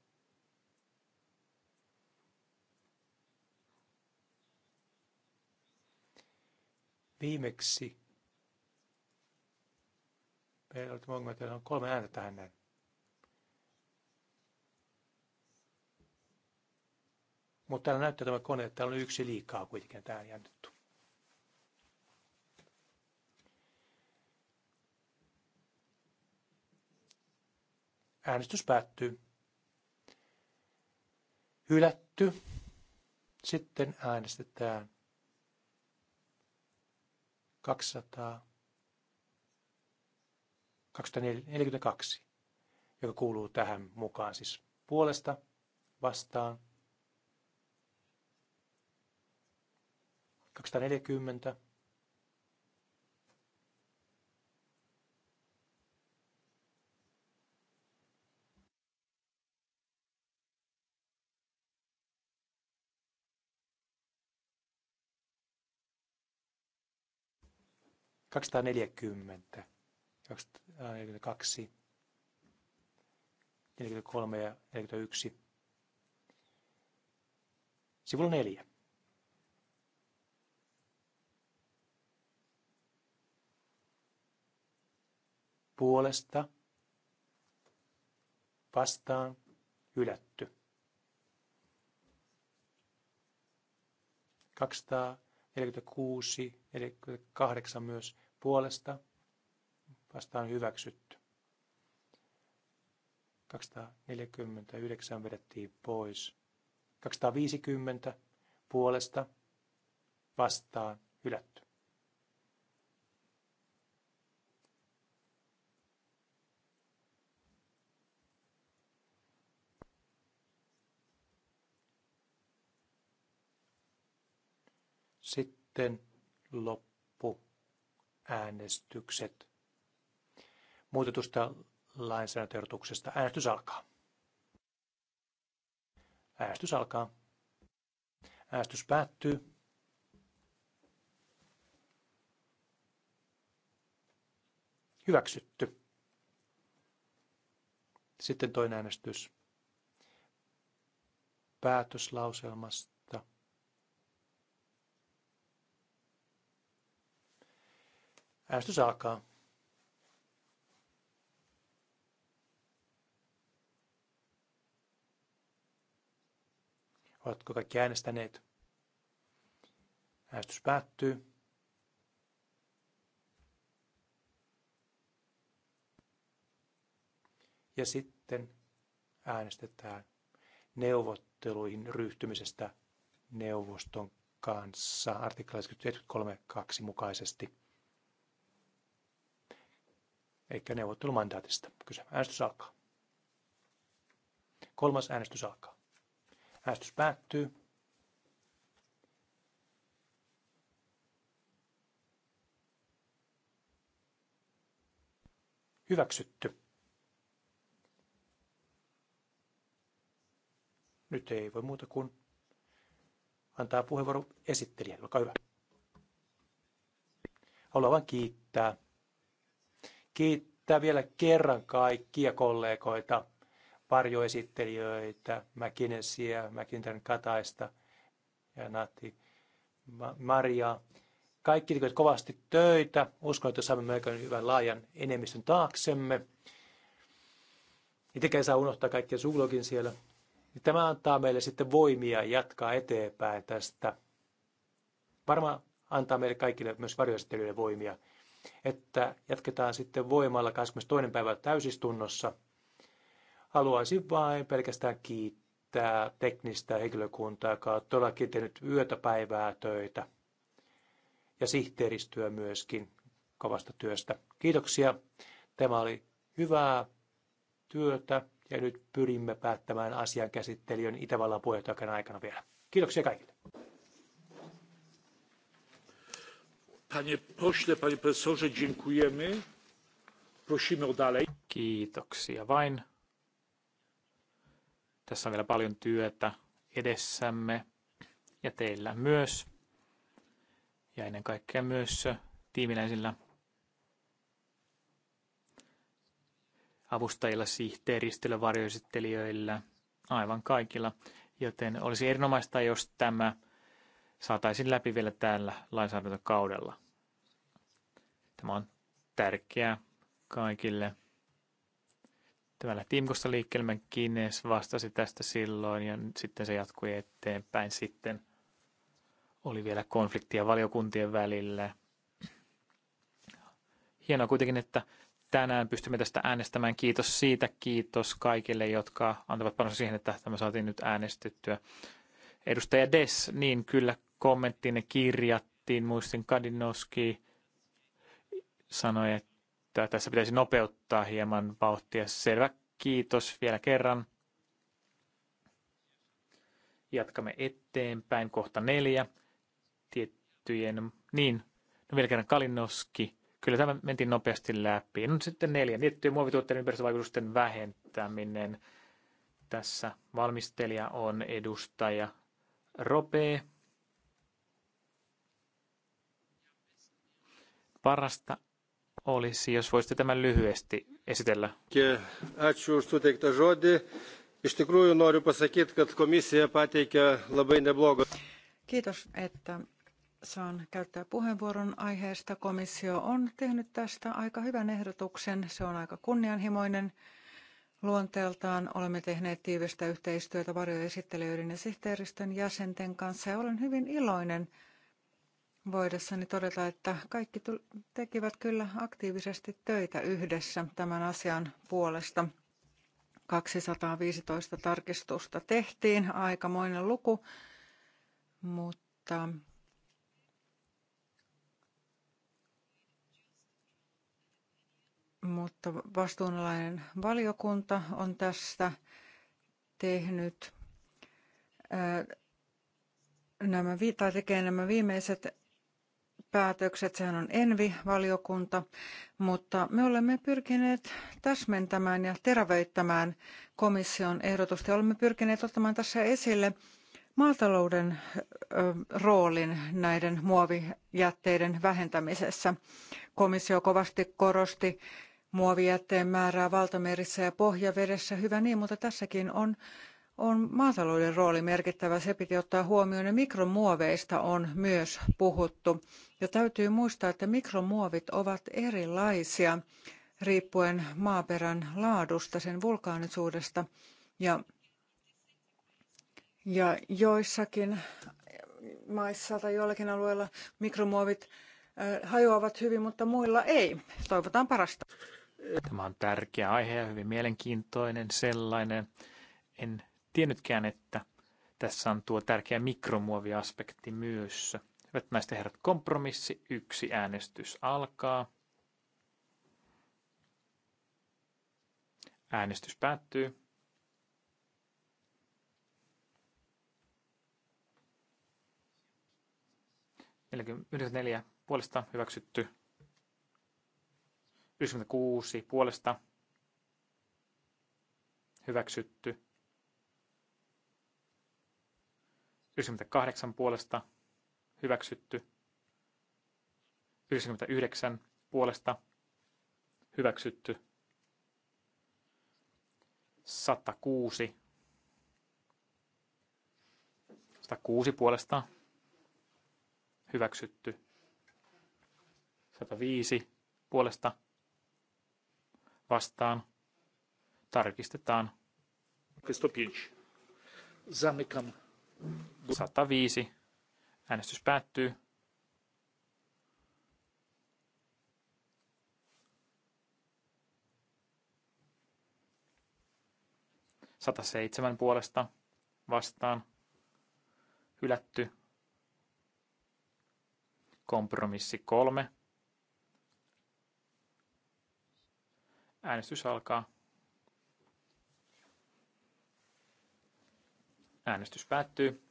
Viimeksi meillä on ongelma, että on kolme ääntä tähän näin. Mutta täällä näyttää tämä kone, että täällä on yksi liikaa kuitenkin tämä ääni annettu. Äänestys päättyy. Hylätty. Sitten äänestetään 200, 242, joka kuuluu tähän mukaan siis puolesta vastaan. 240 240, 242, 43 ja 41. Sivulla 4. Puolesta vastaan hylätty. 246, 48 myös puolesta vastaan hyväksytty. 249 vedettiin pois. 250 puolesta vastaan hylätty. Sitten loppu äänestykset muutetusta lainsäädäntöehdotuksesta. Äänestys alkaa. Äänestys alkaa. Äänestys päättyy. Hyväksytty. Sitten toinen äänestys päätöslauselmasta Äänestys alkaa. Oletko kaikki äänestäneet? Äänestys päättyy. Ja sitten äänestetään neuvotteluihin ryhtymisestä neuvoston kanssa artikla 73.2 mukaisesti eikä neuvottelumandaatista kyse. Äänestys alkaa. Kolmas äänestys alkaa. Äänestys päättyy. Hyväksytty. Nyt ei voi muuta kuin antaa puheenvuoro esittelijälle. Olkaa hyvä. Haluan vain kiittää kiittää vielä kerran kaikkia kollegoita, varjoesittelijöitä, Mäkinesiä, Mäkintän Kataista ja Nati Maria. Kaikki tekevät kovasti töitä. Uskon, että saamme melkein hyvän laajan enemmistön taaksemme. Itsekään saa unohtaa kaikkia suglogin siellä. tämä antaa meille sitten voimia jatkaa eteenpäin tästä. Varmaan antaa meille kaikille myös varjoesittelyille voimia että jatketaan sitten voimalla 22. päivä täysistunnossa. Haluaisin vain pelkästään kiittää teknistä henkilökuntaa, joka on todellakin tehnyt yötä päivää töitä ja sihteeristyä myöskin kovasta työstä. Kiitoksia. Tämä oli hyvää työtä ja nyt pyrimme päättämään asian käsittelijän Itävallan puheenjohtajan aikana vielä. Kiitoksia kaikille. Panie pośle, panie profesorze, dziękujemy. Prosimy o dalej. Kiitoksia vain. Tässä on vielä paljon työtä edessämme ja teillä myös. Ja ennen kaikkea myös tiimiläisillä avustajilla, sihteeristöllä, varjoesittelijöillä, aivan kaikilla. Joten olisi erinomaista, jos tämä saataisiin läpi vielä tällä lainsäädäntökaudella. Tämä on tärkeää kaikille. Tämä lähti Imkosta liikkeelle, Kines vastasi tästä silloin ja sitten se jatkui eteenpäin. Sitten oli vielä konfliktia valiokuntien välillä. Hienoa kuitenkin, että tänään pystymme tästä äänestämään. Kiitos siitä, kiitos kaikille, jotka antavat panosta siihen, että tämä saatiin nyt äänestettyä. Edustaja Des, niin kyllä ne kirjattiin. Muistin Kadinoski sanoi, että tässä pitäisi nopeuttaa hieman vauhtia. Selvä, kiitos vielä kerran. Jatkamme eteenpäin, kohta neljä. Tiettyjen, niin, no vielä kerran Kalinoski. Kyllä tämä mentiin nopeasti läpi. No sitten neljä, tiettyjen muovituotteiden ympäristövaikutusten vähentäminen. Tässä valmistelija on edustaja Rope Parasta olisi, jos voisitte tämän lyhyesti esitellä. Ačiū už suteiktą žodį. Iš tikrųjų noriu pasakyti, kad komisija labai neblogą. Kiitos, että saan käyttää puheenvuoron aiheesta. Komissio on tehnyt tästä aika hyvän ehdotuksen. Se on aika kunnianhimoinen luonteeltaan. Olemme tehneet tiivistä yhteistyötä varjoesittelijöiden ja sihteeristön jäsenten kanssa ja olen hyvin iloinen – voidessani todeta, että kaikki tekivät kyllä aktiivisesti töitä yhdessä tämän asian puolesta. 215 tarkistusta tehtiin, aikamoinen luku, mutta mutta vastuunalainen valiokunta on tästä tehnyt nämä, tai tekee nämä viimeiset päätökset, sehän on Envi-valiokunta, mutta me olemme pyrkineet täsmentämään ja terävöittämään komission ehdotusta ja olemme pyrkineet ottamaan tässä esille maatalouden roolin näiden muovijätteiden vähentämisessä. Komissio kovasti korosti muovijätteen määrää valtamerissä ja pohjavedessä, hyvä niin, mutta tässäkin on on maatalouden rooli merkittävä. Se piti ottaa huomioon ja mikromuoveista on myös puhuttu. Ja täytyy muistaa, että mikromuovit ovat erilaisia riippuen maaperän laadusta, sen vulkaanisuudesta ja, ja joissakin maissa tai joillakin alueilla mikromuovit äh, hajoavat hyvin, mutta muilla ei. Toivotaan parasta. Tämä on tärkeä aihe ja hyvin mielenkiintoinen sellainen. En tiennytkään, että tässä on tuo tärkeä mikromuoviaspekti myös. Hyvät naiset herrat, kompromissi, yksi äänestys alkaa. Äänestys päättyy. neljä puolesta hyväksytty. 96 puolesta hyväksytty. 98 puolesta hyväksytty. 99 puolesta hyväksytty. 106. 106 puolesta hyväksytty. 105 puolesta vastaan. Tarkistetaan. 105. Zamykam 105. Äänestys päättyy. Sata seitsemän puolesta vastaan. Hylätty. Kompromissi kolme. Äänestys alkaa. Äänestys päättyy.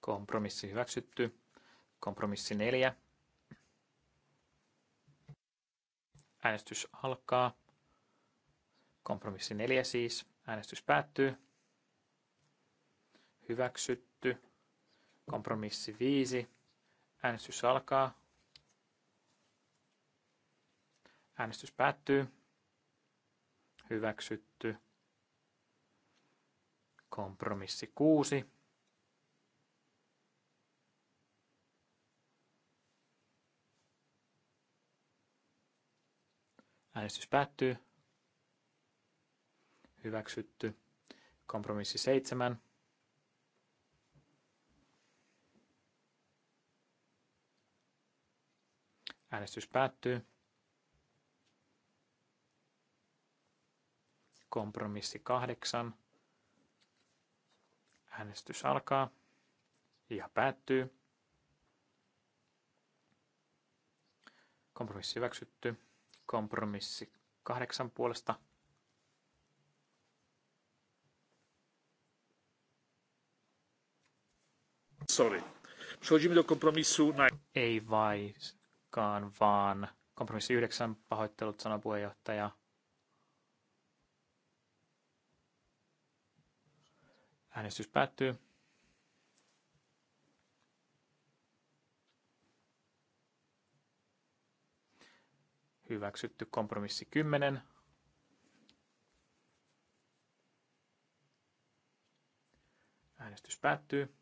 Kompromissi hyväksytty. Kompromissi 4. Äänestys alkaa. Kompromissi 4 siis. Äänestys päättyy. Hyväksytty. Kompromissi 5. Äänestys alkaa. Äänestys päättyy. Hyväksytty. Kompromissi 6. Äänestys päättyy. Hyväksytty. Kompromissi 7. Äänestys päättyy. Kompromissi 8. Äänestys alkaa ja päättyy. Kompromissi hyväksytty. Kompromissi kahdeksan puolesta. Sorry. Przechodzimy do kompromissu. Ei vaikaan, vaan kompromissi yhdeksän pahoittelut, sanoi puheenjohtaja. Äänestys päättyy. Hyväksytty kompromissi 10. Äänestys päättyy.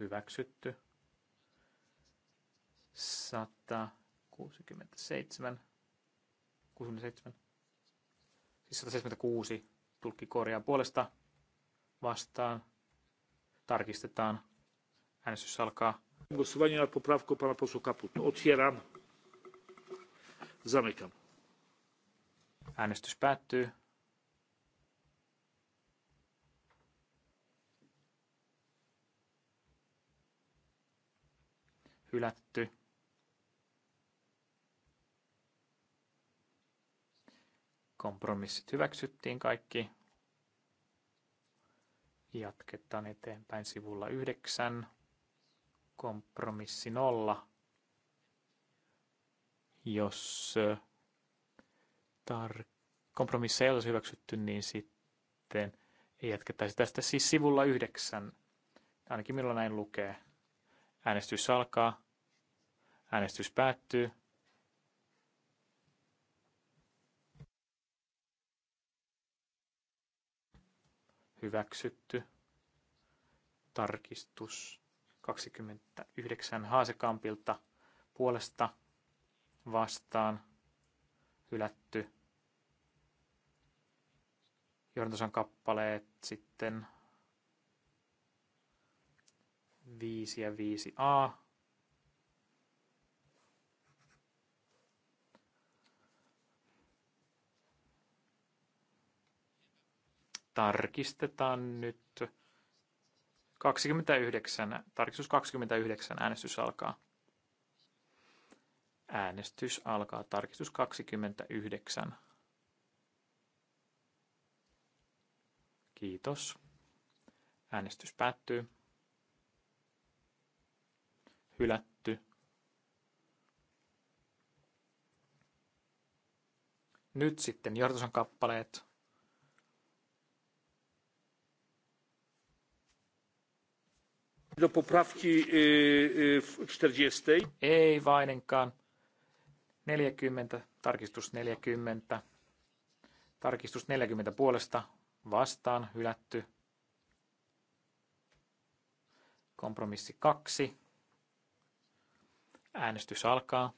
Hyväksytty. 167. 67. Siis 176 tulkki korjaa puolesta vastaan. Tarkistetaan. Äänestys alkaa. Głosowanie nad poprawką pana posła Kaputu. Otwieram. Zamykam. Äänestys päättyy. Hylätty. Kompromissit hyväksyttiin kaikki. Jatketaan eteenpäin sivulla 9, kompromissi 0. Jos tar- kompromissi ei olisi hyväksytty, niin sitten ei jatkettaisi tästä. Siis sivulla 9, ainakin minulla näin lukee. Äänestys alkaa, äänestys päättyy. hyväksytty. Tarkistus 29 Haasekampilta puolesta vastaan hylätty. Jorntosan kappaleet sitten 5 ja 5a Tarkistetaan nyt. 29, tarkistus 29, äänestys alkaa. Äänestys alkaa, tarkistus 29. Kiitos. Äänestys päättyy. Hylätty. Nyt sitten Jortosan kappaleet. Do poprawki 40. Ei vainenkaan. 40, tarkistus 40. Tarkistus 40 puolesta vastaan hylätty. Kompromissi 2. Äänestys alkaa.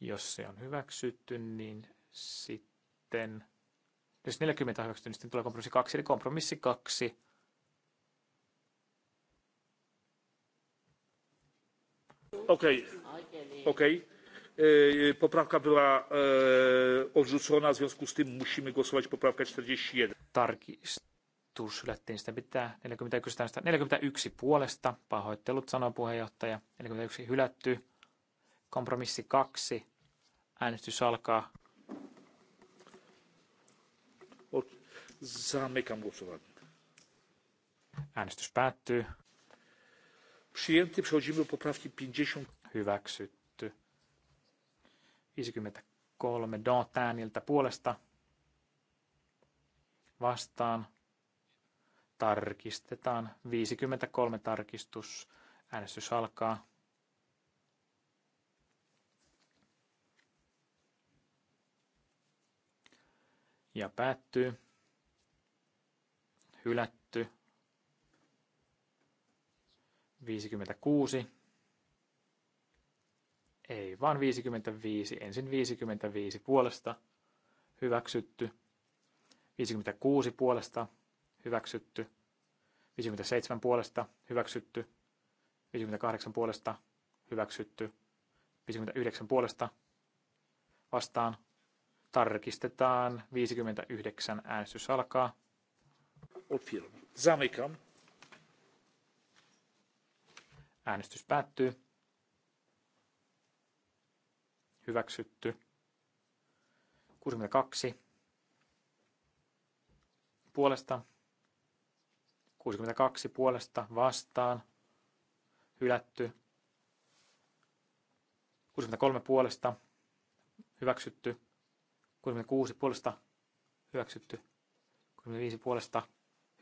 Jos se on hyväksytty, niin sitten jos 40 on hyväksytty, niin sitten tulee kompromissi 2, eli kompromissi 2. Okei, okay. Okei. Okay. E, poprawka była e, odrzucona, w związku z tym musimy głosować poprawkę 41. Tarkistus hylättiin, sitä pitää 41, 41 puolesta, pahoittelut sanoi puheenjohtaja, 41 hylätty, kompromissi 2, äänestys alkaa. Zamykam głosowanie. Äänestys päättyy. Przyjęty. Przechodzimy do poprawki 50. Hyväksytty. 53 Dantanilta puolesta. Vastaan. Tarkistetaan. 53 tarkistus. Äänestys alkaa. Ja päättyy hylätty. 56. Ei, vaan 55. Ensin 55 puolesta hyväksytty. 56 puolesta hyväksytty. 57 puolesta hyväksytty. 58 puolesta hyväksytty. 59 puolesta vastaan. Tarkistetaan. 59 äänestys alkaa. Otwieram. Zamykam. Äänestys päättyy. Hyväksytty. 62. Puolesta. 62 puolesta vastaan. Hylätty. 63 puolesta. Hyväksytty. 66 puolesta. Hyväksytty. 65 puolesta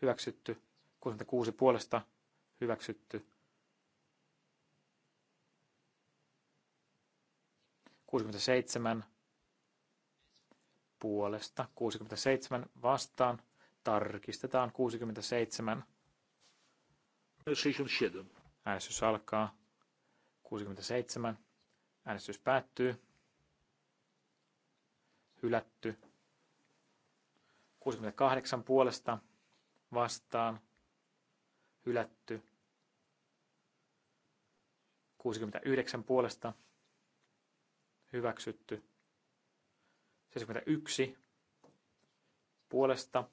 hyväksytty, 66 puolesta hyväksytty, 67 puolesta, 67 vastaan, tarkistetaan 67. 67. Äänestys alkaa. 67. Äänestys päättyy. Hylätty. 68 puolesta vastaan hylätty. 69 puolesta hyväksytty. 71 puolesta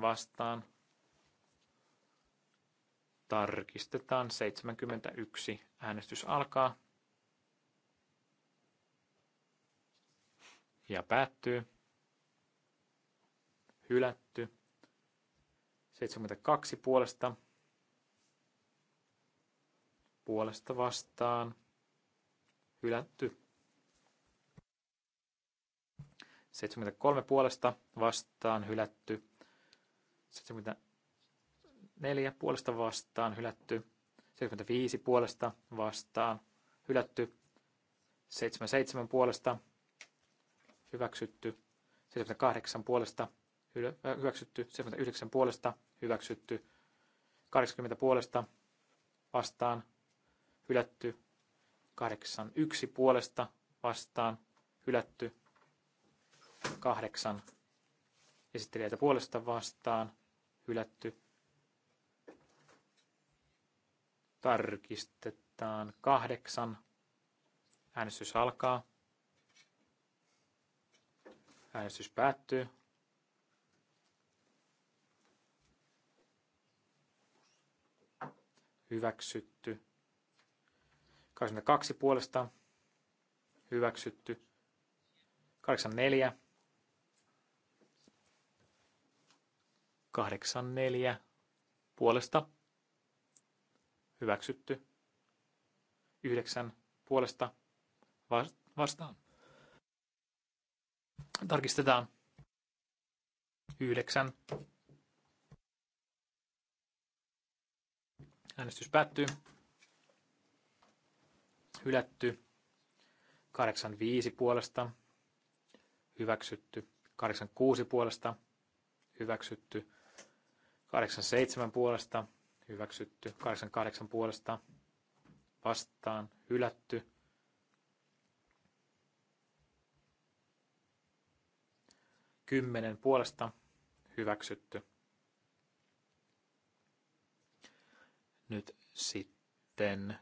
vastaan tarkistetaan 71 äänestys alkaa. ja päättyy. Hylätty. 72 puolesta puolesta vastaan hylätty. 73 puolesta vastaan hylätty. 74 puolesta vastaan hylätty. 75 puolesta vastaan hylätty. 77 puolesta hyväksytty. 78 puolesta Äh, hyväksytty, 79 puolesta hyväksytty, 80 puolesta vastaan hylätty, 81 puolesta vastaan hylätty, 8 esittelijältä puolesta vastaan hylätty. Tarkistetaan kahdeksan. Äänestys alkaa. Äänestys päättyy. hyväksytty. 82 puolesta hyväksytty. 84. 84 puolesta hyväksytty. 9 puolesta vastaan. Tarkistetaan. 9 Äänestys päättyy. Hylätty. 85 puolesta. Hyväksytty. 86 puolesta. Hyväksytty. 87 puolesta. Hyväksytty. 88 puolesta. Vastaan. Hylätty. Kymmenen puolesta. Hyväksytty. Nyt sitten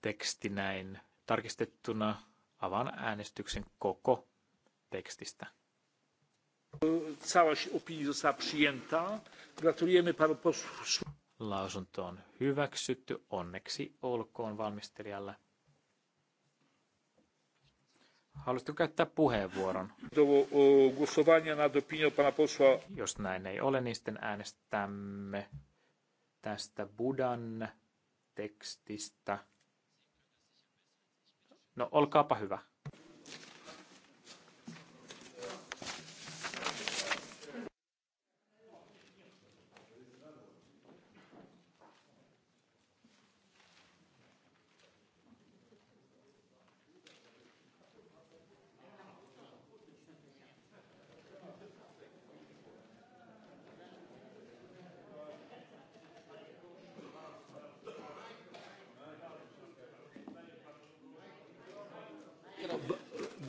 teksti näin tarkistettuna avaan äänestyksen koko tekstistä. Całość opinii została przyjęta. Gratulujemy panu posłowi. Lausunto on hyväksytty. Onneksi olkoon valmistelijalle. Haluaisitko käyttää puheenvuoron? Jos näin ei ole, niin sitten äänestämme tästä Budan tekstistä. No, olkaapa hyvä.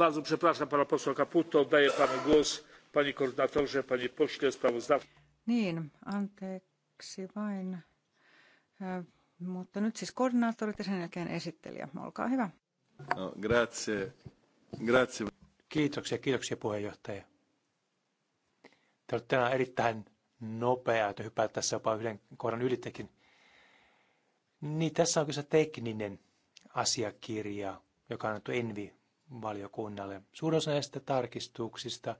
Bardzo przepraszam pana posła Caputo, oddaję panu głos, panie koordynatorze, panie pośle, sprawozdawco. Niin, anteeksi vain. mutta nyt siis koordinaattorit ja sen jälkeen esittelijä. Olkaa hyvä. No, grazie. Grazie. Kiitoksia, kiitoksia puheenjohtaja. Te olette tänään erittäin nopea, että hypäät tässä jopa yhden kohdan Niin, tässä on kyse tekninen asiakirja, joka on annettu Envi valiokunnalle. Suurin osa näistä tarkistuksista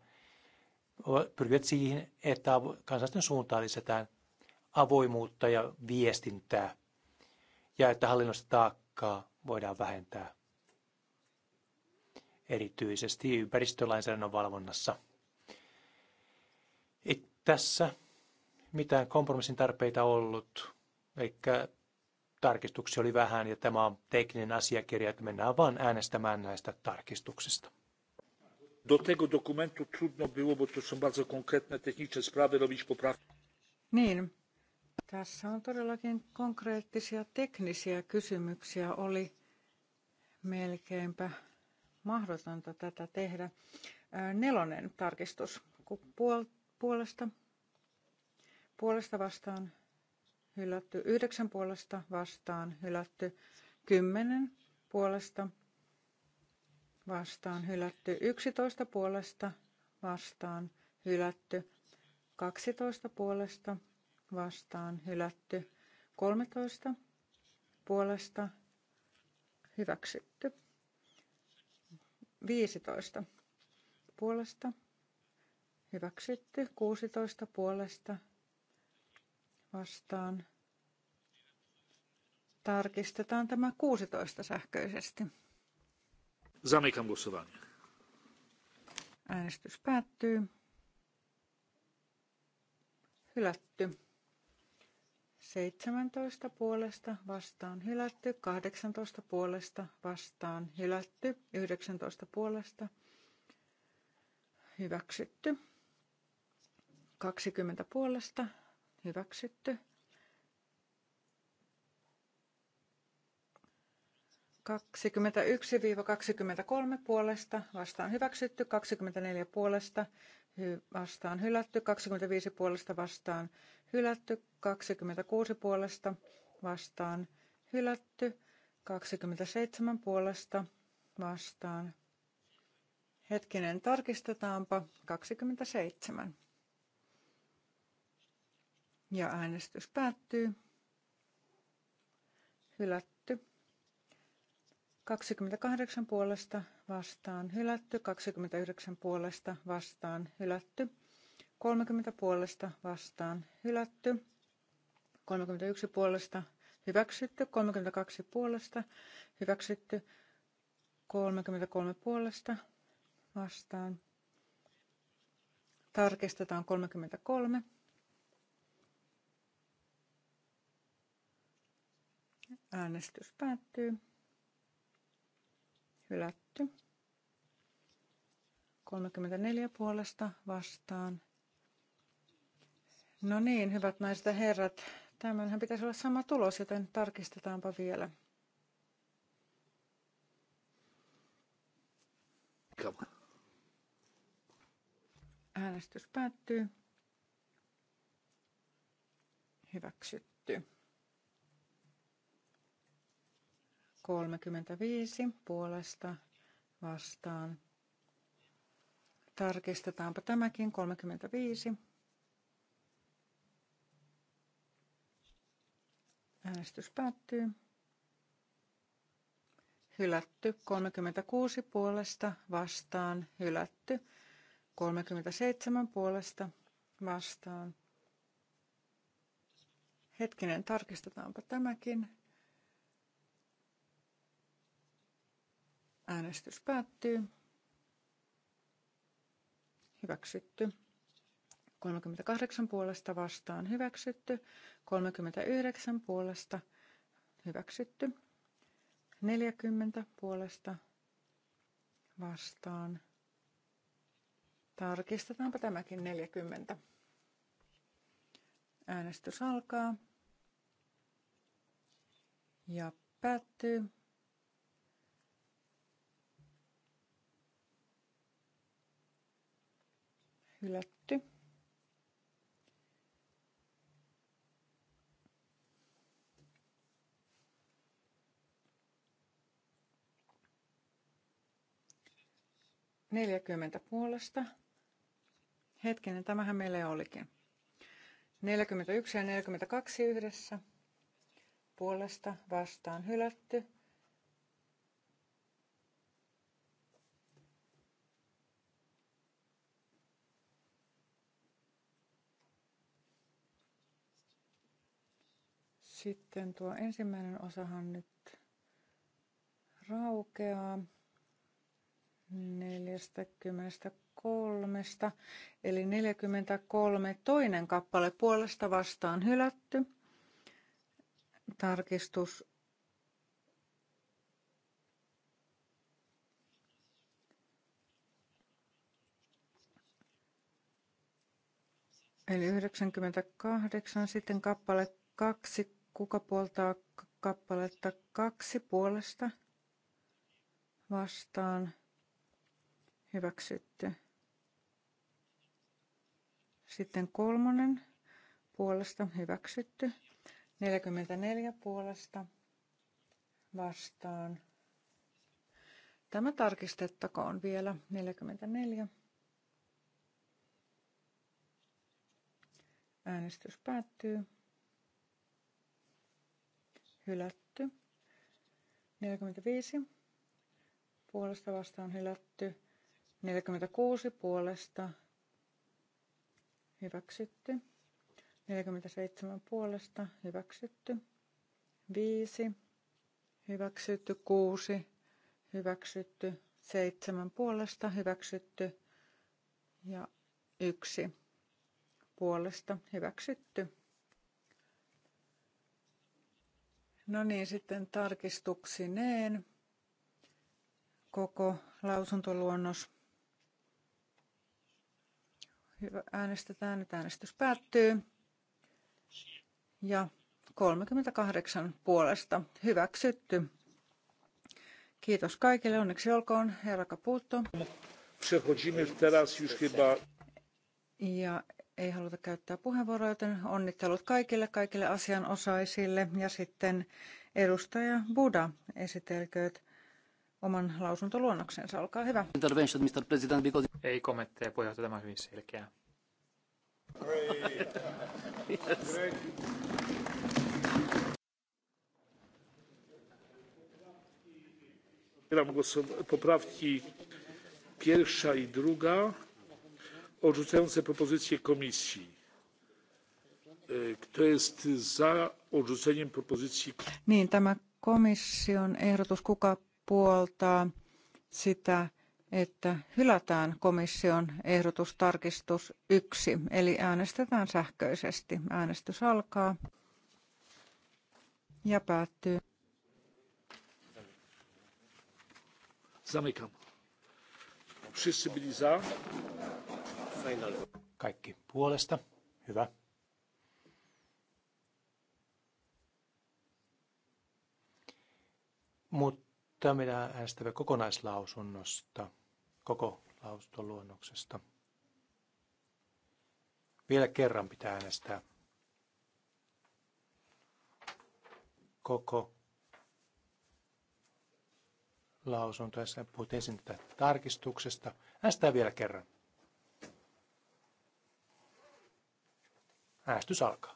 pyrkivät siihen, että kansalaisten suuntaan lisätään avoimuutta ja viestintää ja että hallinnosta taakkaa voidaan vähentää erityisesti ympäristölainsäädännön valvonnassa. Ei tässä mitään kompromissin tarpeita ollut, eikä tarkistuksia oli vähän ja tämä on tekninen asiakirja, että mennään vain äänestämään näistä tarkistuksista. Do tego dokumentu trudno było, bo to są bardzo konkretne techniczne sprawy, robić poprawki. Niin, tässä on todellakin konkreettisia teknisiä kysymyksiä. Oli melkeinpä mahdotonta tätä tehdä. Nelonen tarkistus puolesta. Puolesta vastaan hylätty. Yhdeksän puolesta vastaan hylätty. Kymmenen puolesta vastaan hylätty. Yksitoista puolesta vastaan hylätty. kaksitoista puolesta vastaan hylätty. kolmetoista puolesta hyväksytty. 15 puolesta hyväksytty. 16 puolesta vastaan. Tarkistetaan tämä 16 sähköisesti. Zamykam głosowanie. Äänestys päättyy. Hylätty. 17 puolesta vastaan hylätty, 18 puolesta vastaan hylätty, 19 puolesta hyväksytty, 20 puolesta Hyväksytty. 21 kolme puolesta vastaan hyväksytty, neljä puolesta vastaan hylätty, viisi puolesta vastaan hylätty, kuusi puolesta vastaan hylätty, seitsemän puolesta vastaan. Hetkinen, tarkistetaanpa 27. Ja äänestys päättyy. Hylätty. 28 puolesta vastaan hylätty, 29 puolesta vastaan hylätty, 30 puolesta vastaan hylätty, 31 puolesta hyväksytty, 32 puolesta hyväksytty, 33 puolesta vastaan. Tarkistetaan 33. Äänestys päättyy. Hylätty. 34 puolesta vastaan. No niin, hyvät naiset ja herrat. Tämänhän pitäisi olla sama tulos, joten tarkistetaanpa vielä. Äänestys päättyy. Hyväksytty. 35 puolesta vastaan. Tarkistetaanpa tämäkin 35. Äänestys päättyy. Hylätty 36 puolesta vastaan. Hylätty 37 puolesta vastaan. Hetkinen, tarkistetaanpa tämäkin. Äänestys päättyy. Hyväksytty. 38 puolesta vastaan hyväksytty. 39 puolesta hyväksytty. 40 puolesta vastaan. Tarkistetaanpa tämäkin 40. Äänestys alkaa ja päättyy. Hylätty. Neljäkymmentä puolesta. Hetkinen, tämähän meillä olikin. 41 ja 42 yhdessä puolesta vastaan hylätty. Sitten tuo ensimmäinen osahan nyt raukeaa 43, eli 43 toinen kappale puolesta vastaan hylätty. Tarkistus Eli 98, sitten kappale 2, Kuka puoltaa kappaletta kaksi puolesta vastaan hyväksytty. Sitten kolmonen puolesta hyväksytty. 44 puolesta vastaan. Tämä tarkistettakoon vielä 44. Äänestys päättyy hylätty. 45 puolesta vastaan hylätty. 46 puolesta hyväksytty. 47 puolesta hyväksytty. 5 hyväksytty. 6 hyväksytty. 7 puolesta hyväksytty. Ja 1 puolesta hyväksytty. No niin, sitten tarkistuksineen koko lausuntoluonnos. Hyvä, äänestetään. Nyt äänestys päättyy. Ja 38 puolesta hyväksytty. Kiitos kaikille. Onneksi olkoon, herra Kaputto. Ja ei haluta käyttää puheenvuoroa, joten onnittelut kaikille, kaikille asianosaisille. Ja sitten edustaja Buda esitelkööt oman lausuntoluonnoksensa. Olkaa hyvä. Intervention, Mr. President, because... Ei kommentteja, puheenjohtaja, tämä on hyvin selkeää. yes. Poprawki pierwsza i druga odrzucające propozycję komisji. E, kto jest za odrzuceniem propozycji? Niin, tämä komission ehdotus, kuka puoltaa sitä, että hylätään komission ehdotus tarkistus yksi, eli äänestetään sähköisesti. Äänestys alkaa ja päättyy. Zamykam. Wszyscy byli za. Kaikki puolesta. Hyvä. Mutta meidän äänestämme kokonaislausunnosta, koko luonnoksesta Vielä kerran pitää äänestää. Koko lausunto. Tässä puhut ensin tarkistuksesta. Äänestää vielä kerran. äästys alkaa.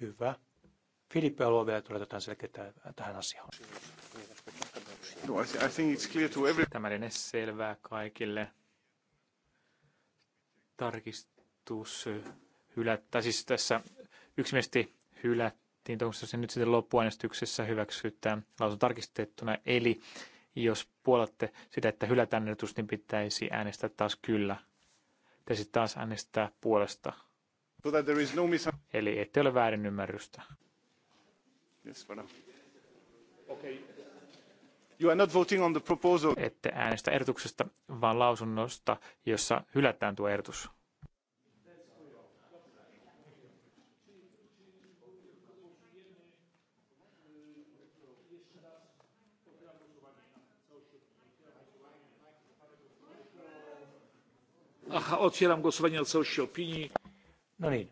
Hyvä. Filippi haluaa vielä tulla jotain selkeää tähän asiaan. No, Tämä lienee selvää kaikille. Tarkistus hylättä. Siis tässä yksimielisesti hylättiin, onko se nyt sitten loppuainestyksessä hyväksytään lausun tarkistettuna. Eli jos puolatte sitä, että hylätään ehdotus, niin pitäisi äänestää taas kyllä. te sitten taas äänestää puolesta. So that there is no mis- Eli ettei ole ymmärrystä. Yes, okay. You are not voting on the proposal. Ette äänestä ehdotuksesta, vaan lausunnosta, jossa hylätään tuo ehdotus. Aha, otwieram głosowanie na opinii. No niin.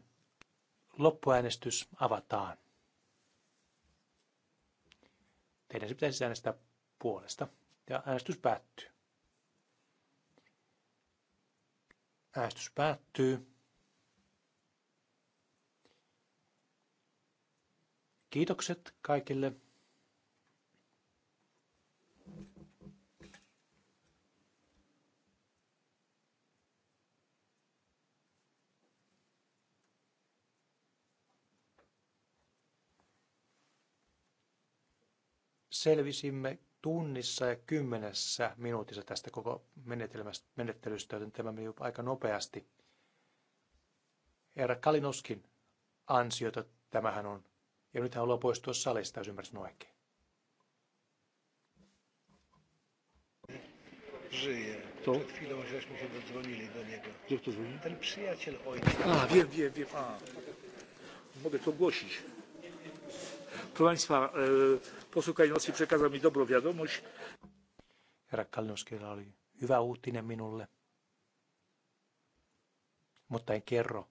Loppuäänestys avataan. Teidän pitäisi äänestää puolesta ja äänestys päättyy. Äänestys päättyy. Kiitokset kaikille. selvisimme tunnissa ja kymmenessä minuutissa tästä koko menettelystä, joten tämä meni aika nopeasti. Herra Kalinoskin ansiota tämähän on. Ja nyt hän haluaa poistua salista, jos ymmärsin oikein. To? wiem, wiem, wiem. A, mogę to ogłosić. Proszę Państwa, e, Poseł Kalinowski przekazał mi dobrą wiadomość. Herra oli hyvä uutinen minulle, mutta en kerro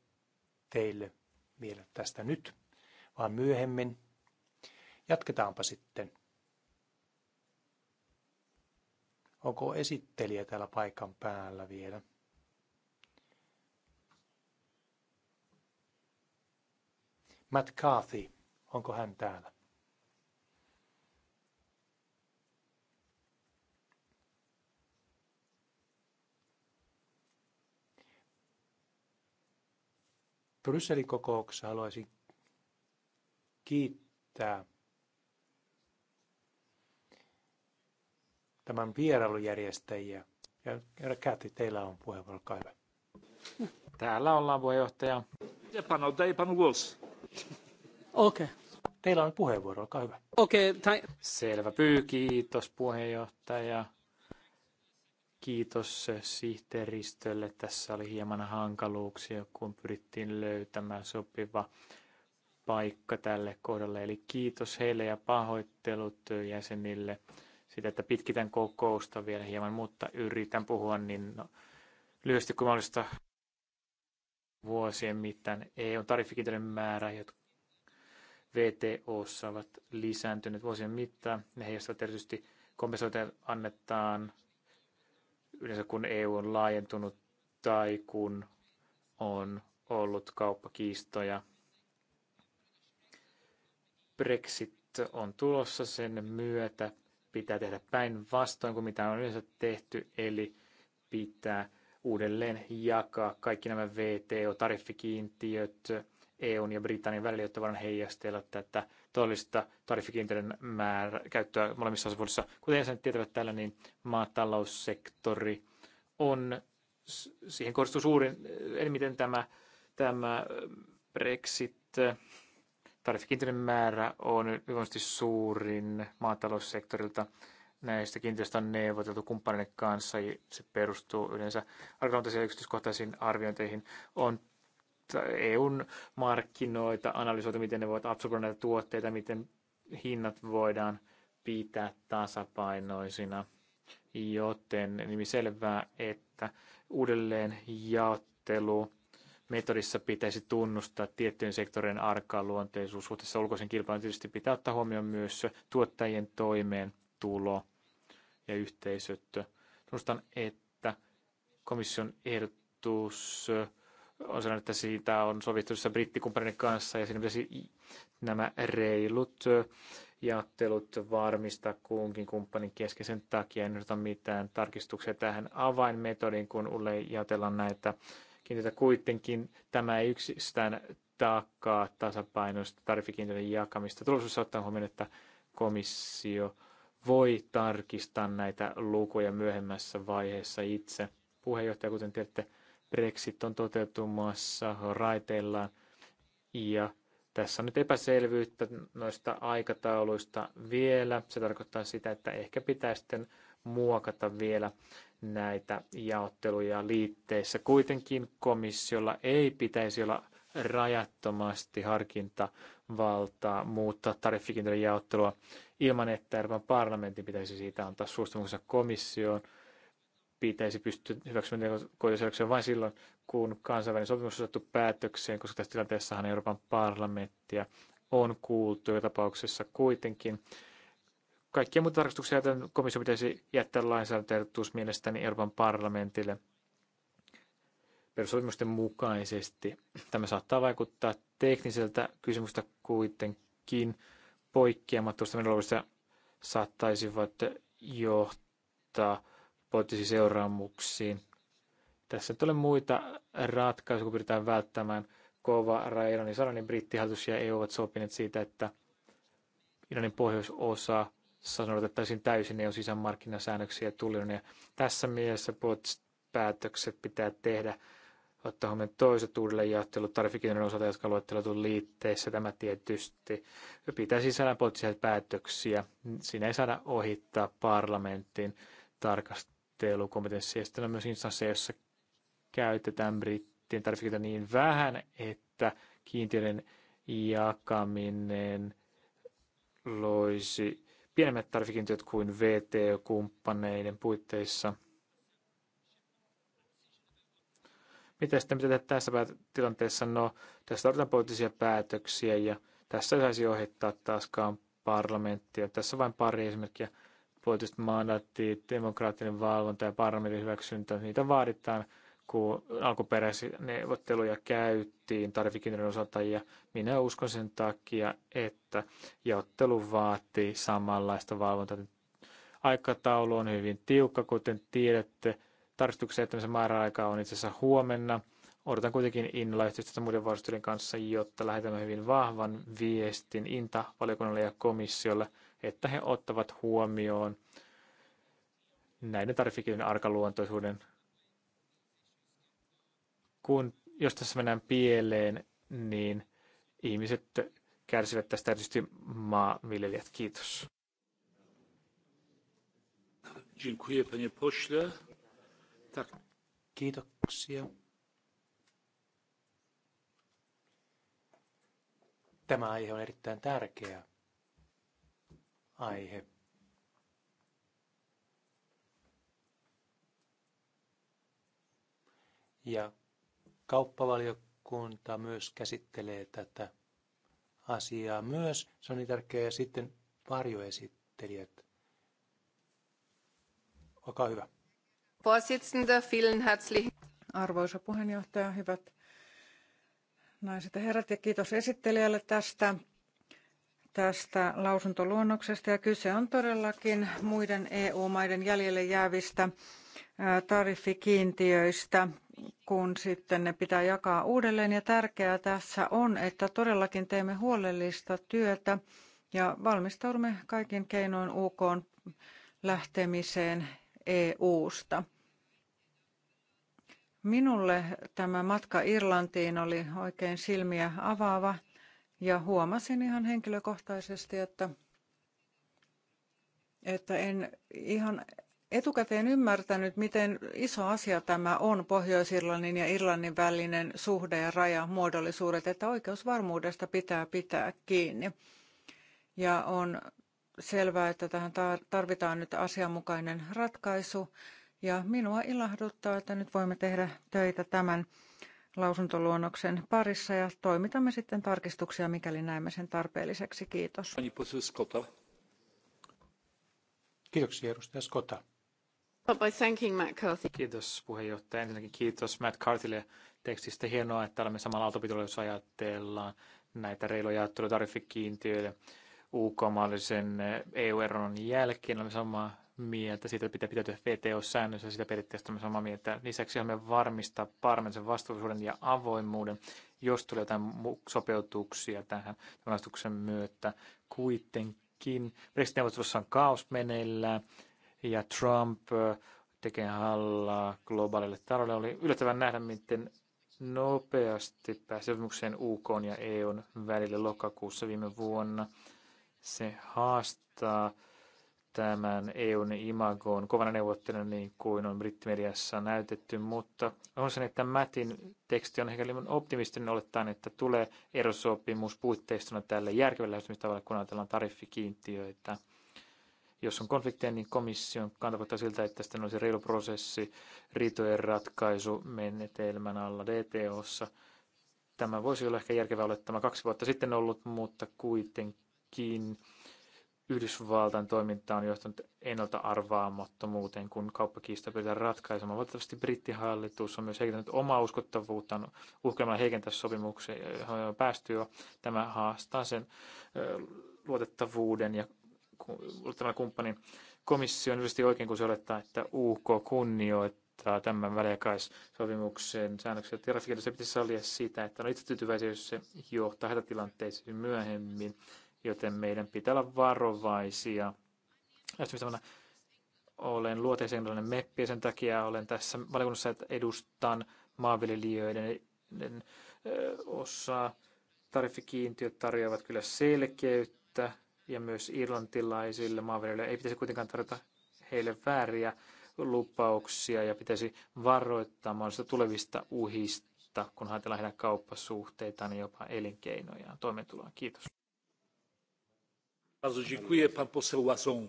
teille vielä tästä nyt, vaan myöhemmin. Jatketaanpa sitten. Onko esittelijä täällä paikan päällä vielä? Matt Carthy, onko hän täällä? Brysselin kokouksessa haluaisin kiittää tämän vierailujärjestäjiä. Ja herra Kätti, teillä on puheenvuoro, kaiva. Täällä ollaan puheenjohtaja. panu głos. Okei. Okay. Teillä on puheenvuoro, olkaa hyvä. Okei, okay, Selvä pyy, kiitos puheenjohtaja kiitos sihteeristölle. Tässä oli hieman hankaluuksia, kun pyrittiin löytämään sopiva paikka tälle kohdalle. Eli kiitos heille ja pahoittelut jäsenille siitä, että pitkitän kokousta vielä hieman, mutta yritän puhua niin no, lyhyesti kuin mahdollista vuosien mittaan. EU-tariffikiintiöiden määrä, jotka VTOssa ovat lisääntyneet vuosien mittaan. Ne heijastavat erityisesti kompensointeja annetaan yleensä kun EU on laajentunut tai kun on ollut kauppakiistoja. Brexit on tulossa sen myötä. Pitää tehdä päinvastoin kuin mitä on yleensä tehty, eli pitää uudelleen jakaa kaikki nämä VTO-tariffikiintiöt EUn ja Britannian välillä, jotta voidaan heijastella tätä todellista tariffikiintiöiden määrä, käyttöä molemmissa osapuolissa. Kuten jäsenet tietävät täällä, niin maataloussektori on, siihen kohdistuu suurin, miten tämä, tämä Brexit, tariffikiintiöiden määrä on hyvinvointi suurin maataloussektorilta. Näistä kiinteistöistä on neuvoteltu kumppaneiden kanssa, se perustuu yleensä arkaluontoisiin yksityiskohtaisiin arviointeihin. On EUn markkinoita, analysoitu, miten ne voivat absorboida näitä tuotteita, miten hinnat voidaan pitää tasapainoisina. Joten niin selvää, että uudelleen jaottelu metodissa pitäisi tunnustaa tiettyjen sektorien arkaluonteisuus suhteessa ulkoisen kilpailun. Tietysti pitää ottaa huomioon myös tuottajien toimeentulo ja yhteisöt. Tunnustan, että komission ehdotus on sanonut, että siitä on sovittu brittikumppanin kanssa ja siinä pitäisi nämä reilut jaottelut varmistaa kunkin kumppanin kesken. takia en ota mitään tarkistuksia tähän avainmetodiin, kun Ulle jaotellaan näitä kiinteitä. Kuitenkin tämä ei yksistään taakkaa tasapainoista tarifikiinteiden jakamista. Tulossa ottaa huomioon, että komissio voi tarkistaa näitä lukuja myöhemmässä vaiheessa itse. Puheenjohtaja, kuten tiedätte, Brexit on toteutumassa raiteillaan ja tässä on nyt epäselvyyttä noista aikatauluista vielä. Se tarkoittaa sitä, että ehkä pitää sitten muokata vielä näitä jaotteluja liitteissä. Kuitenkin komissiolla ei pitäisi olla rajattomasti harkintavaltaa muuttaa tariffikintojen jaottelua ilman, että Euroopan parlamentin pitäisi siitä antaa suostumuksensa komissioon – pitäisi pystyä hyväksymään tekoja vain silloin, kun kansainvälinen sopimus on saatu päätökseen, koska tässä tilanteessahan Euroopan parlamenttia on kuultu jo tapauksessa kuitenkin. Kaikkia muita tarkastuksia tämän komissio pitäisi jättää lainsäädäntöehdotus mielestäni Euroopan parlamentille perussopimusten mukaisesti. Tämä saattaa vaikuttaa tekniseltä kysymystä kuitenkin poikkeamattomasta menettelystä saattaisivat johtaa poliittisiin seuraamuksiin. Tässä ei ole muita ratkaisuja, kun pyritään välttämään kova raja Iranin sadan, niin brittihallitus ja EU ovat sopineet siitä, että Iranin pohjoisosa sanotettaisiin täysin EU sisämarkkinasäännöksiä tullion. Ja tässä mielessä poliittiset päätökset pitää tehdä ottaa huomioon toiset jaottelut tarifikioiden osalta, jotka on luetteltu liitteessä. Tämä tietysti pitää sisällä poliittisia päätöksiä. Siinä ei saada ohittaa parlamentin tarkastelua neuvottelukompetenssi. Ja sitten on myös instansseja, jossa käytetään brittien tarvikkeita niin vähän, että kiintiöiden jakaminen loisi pienemmät tarvikintiöt kuin VTO-kumppaneiden puitteissa. Mitä sitten pitää tehdä tässä tilanteessa? No, tässä tarvitaan poliittisia päätöksiä ja tässä saisi ohittaa taaskaan parlamenttia. Tässä vain pari esimerkkiä poliittiset mandaattit, demokraattinen valvonta ja parlamentin hyväksyntä, niitä vaaditaan, kun alkuperäisiä neuvotteluja käyttiin tarvikinnon osalta ja minä uskon sen takia, että jaottelu vaatii samanlaista valvontaa. Aikataulu on hyvin tiukka, kuten tiedätte. Tarkistuksen jättämisen määräaika on itse asiassa huomenna. Odotan kuitenkin innolla yhteistyötä muiden vuorostyöiden kanssa, jotta lähetämme hyvin vahvan viestin Inta-valiokunnalle ja komissiolle että he ottavat huomioon näiden tariffikirjojen arkaluontoisuuden. Kun, jos tässä mennään pieleen, niin ihmiset kärsivät tästä erityisesti maanviljelijät. Kiitos. Kiitoksia. Tämä aihe on erittäin tärkeä aihe. Ja kauppavaliokunta myös käsittelee tätä asiaa myös. Se on niin tärkeää. Ja sitten varjoesittelijät. Olkaa hyvä. Arvoisa puheenjohtaja, hyvät naiset ja herrat ja kiitos esittelijälle tästä tästä lausuntoluonnoksesta ja kyse on todellakin muiden EU-maiden jäljelle jäävistä tariffikiintiöistä, kun sitten ne pitää jakaa uudelleen. Ja tärkeää tässä on, että todellakin teemme huolellista työtä ja valmistaudumme kaikin keinoin UK lähtemiseen EU-sta. Minulle tämä matka Irlantiin oli oikein silmiä avaava. Ja huomasin ihan henkilökohtaisesti, että, että en ihan etukäteen ymmärtänyt, miten iso asia tämä on Pohjois-Irlannin ja Irlannin välinen suhde ja raja muodollisuudet, että oikeusvarmuudesta pitää pitää kiinni. Ja on selvää, että tähän tarvitaan nyt asianmukainen ratkaisu. Ja minua ilahduttaa, että nyt voimme tehdä töitä tämän lausuntoluonnoksen parissa ja toimitamme sitten tarkistuksia, mikäli näemme sen tarpeelliseksi. Kiitos. Kiitoksia edustaja Skota. Kiitos puheenjohtaja. Ensinnäkin kiitos Matt Cartille tekstistä. Hienoa, että olemme samalla aaltopitolla, jos ajatellaan näitä reiluja ajattelutariffikiintiöitä uk mallisen EU-eron jälkeen. Olemme samaa mieltä siitä, pitää pitäytyä VTO-säännössä, sitä periaatteessa on samaa mieltä. Lisäksi haluamme varmistaa sen vastuullisuuden ja avoimuuden, jos tulee jotain sopeutuksia tähän vastuksen myötä. Kuitenkin Brexit-neuvottelussa on kaos meneillään ja Trump tekee hallaa globaalille taloudelle. Oli yllättävän nähdä, miten nopeasti pääsi sopimukseen UK ja EUn välille lokakuussa viime vuonna. Se haastaa tämän EUn imagoon kovana neuvottelijana, niin kuin on brittimediassa näytetty, mutta on sen, että Mätin teksti on ehkä liian optimistinen olettaen, että tulee erosopimus puitteistona tälle järkevällä lähestymistavalle, kun ajatellaan tariffikiintiöitä. Jos on konflikteja, niin komission kanta siltä, että sitten olisi reilu prosessi riitojen ratkaisu menetelmän alla DTOssa. Tämä voisi olla ehkä järkevä olettama kaksi vuotta sitten ollut, mutta kuitenkin Yhdysvaltain toiminta on johtanut ennalta arvaamattomuuteen, kun kauppakiista pyritään ratkaisemaan. Valitettavasti brittihallitus on myös heikentänyt omaa uskottavuuttaan uhkaamalla heikentää sopimuksia, johon on päästy jo. Tämä haastaa sen luotettavuuden ja tämä kumppanin komissio on yleisesti oikein, kun se olettaa, että UK kunnioittaa tämän väliaikaissopimuksen säännökset. Ja se pitäisi sallia sitä, että on itse tyytyväisiä, jos se johtaa hätätilanteisiin myöhemmin joten meidän pitää olla varovaisia. Lähestymistavana olen luoteisenglannin meppi ja sen takia olen tässä valiokunnassa, että edustan maanviljelijöiden osaa. Tariffikiintiöt tarjoavat kyllä selkeyttä ja myös irlantilaisille maanviljelijöille ei pitäisi kuitenkaan tarjota heille vääriä lupauksia ja pitäisi varoittaa mahdollisista tulevista uhista, kun ajatellaan heidän kauppasuhteitaan niin ja jopa elinkeinojaan, toimeentuloa. Kiitos. Bardzo dziękuję. Pan poseł Łazon.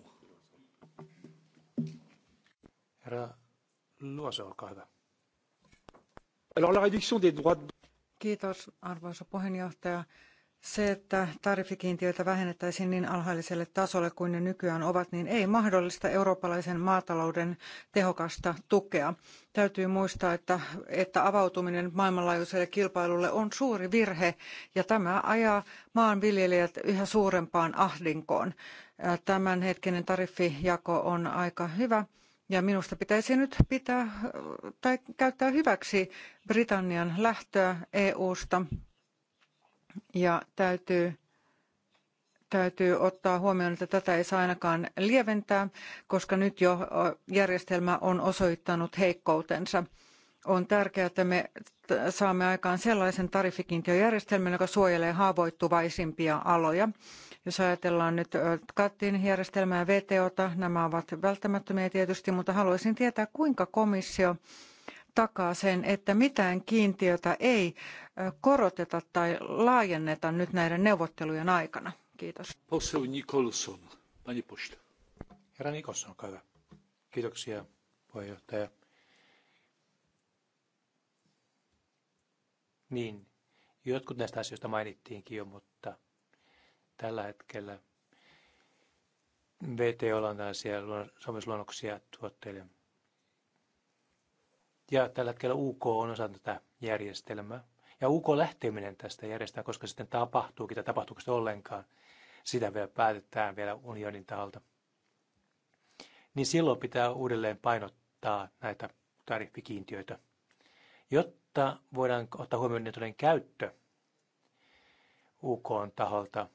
Kiitos, arvoisa puheenjohtaja. Se, että tarifikiintiöitä vähennettäisiin niin alhaiselle tasolle kuin ne nykyään ovat, niin ei mahdollista eurooppalaisen maatalouden tehokasta tukea. Täytyy muistaa, että, että avautuminen maailmanlaajuiselle kilpailulle on suuri virhe ja tämä ajaa maanviljelijät yhä suurempaan ahdinkoon. Tämänhetkinen tariffijako on aika hyvä. Ja minusta pitäisi nyt pitää tai käyttää hyväksi Britannian lähtöä EU-sta ja täytyy täytyy ottaa huomioon, että tätä ei saa ainakaan lieventää, koska nyt jo järjestelmä on osoittanut heikkoutensa. On tärkeää, että me saamme aikaan sellaisen tarifikintiojärjestelmän, joka suojelee haavoittuvaisimpia aloja. Jos ajatellaan nyt kattin järjestelmää ja VTOta, nämä ovat välttämättömiä tietysti, mutta haluaisin tietää, kuinka komissio takaa sen, että mitään kiintiötä ei koroteta tai laajenneta nyt näiden neuvottelujen aikana? Kiitos. Posseu Nikolson, pani posta. Herra Nikolson, olkaa hyvä. Kiitoksia, puheenjohtaja. Niin, jotkut näistä asioista mainittiinkin jo, mutta tällä hetkellä VT on tällaisia sopimusluonnoksia tuotteille ja tällä hetkellä UK on osa tätä järjestelmää. Ja UK lähteminen tästä järjestää, koska sitten tapahtuu, mitä tapahtuuko se ollenkaan, sitä vielä päätetään vielä unionin taholta. Niin silloin pitää uudelleen painottaa näitä tariffikiintiöitä, jotta voidaan ottaa huomioon niiden käyttö UK on taholta.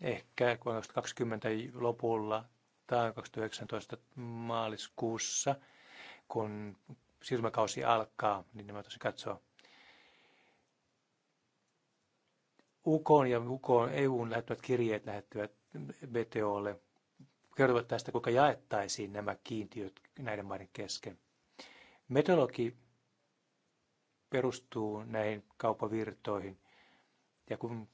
Ehkä 2020 lopulla tai 2019 maaliskuussa – kun siirtymäkausi alkaa, niin nämä tosi katsoa. UK ja UK EUn lähettävät kirjeet lähettyvät BTOlle kertovat tästä, kuinka jaettaisiin nämä kiintiöt näiden maiden kesken. Metologi perustuu näihin kaupavirtoihin. Ja kun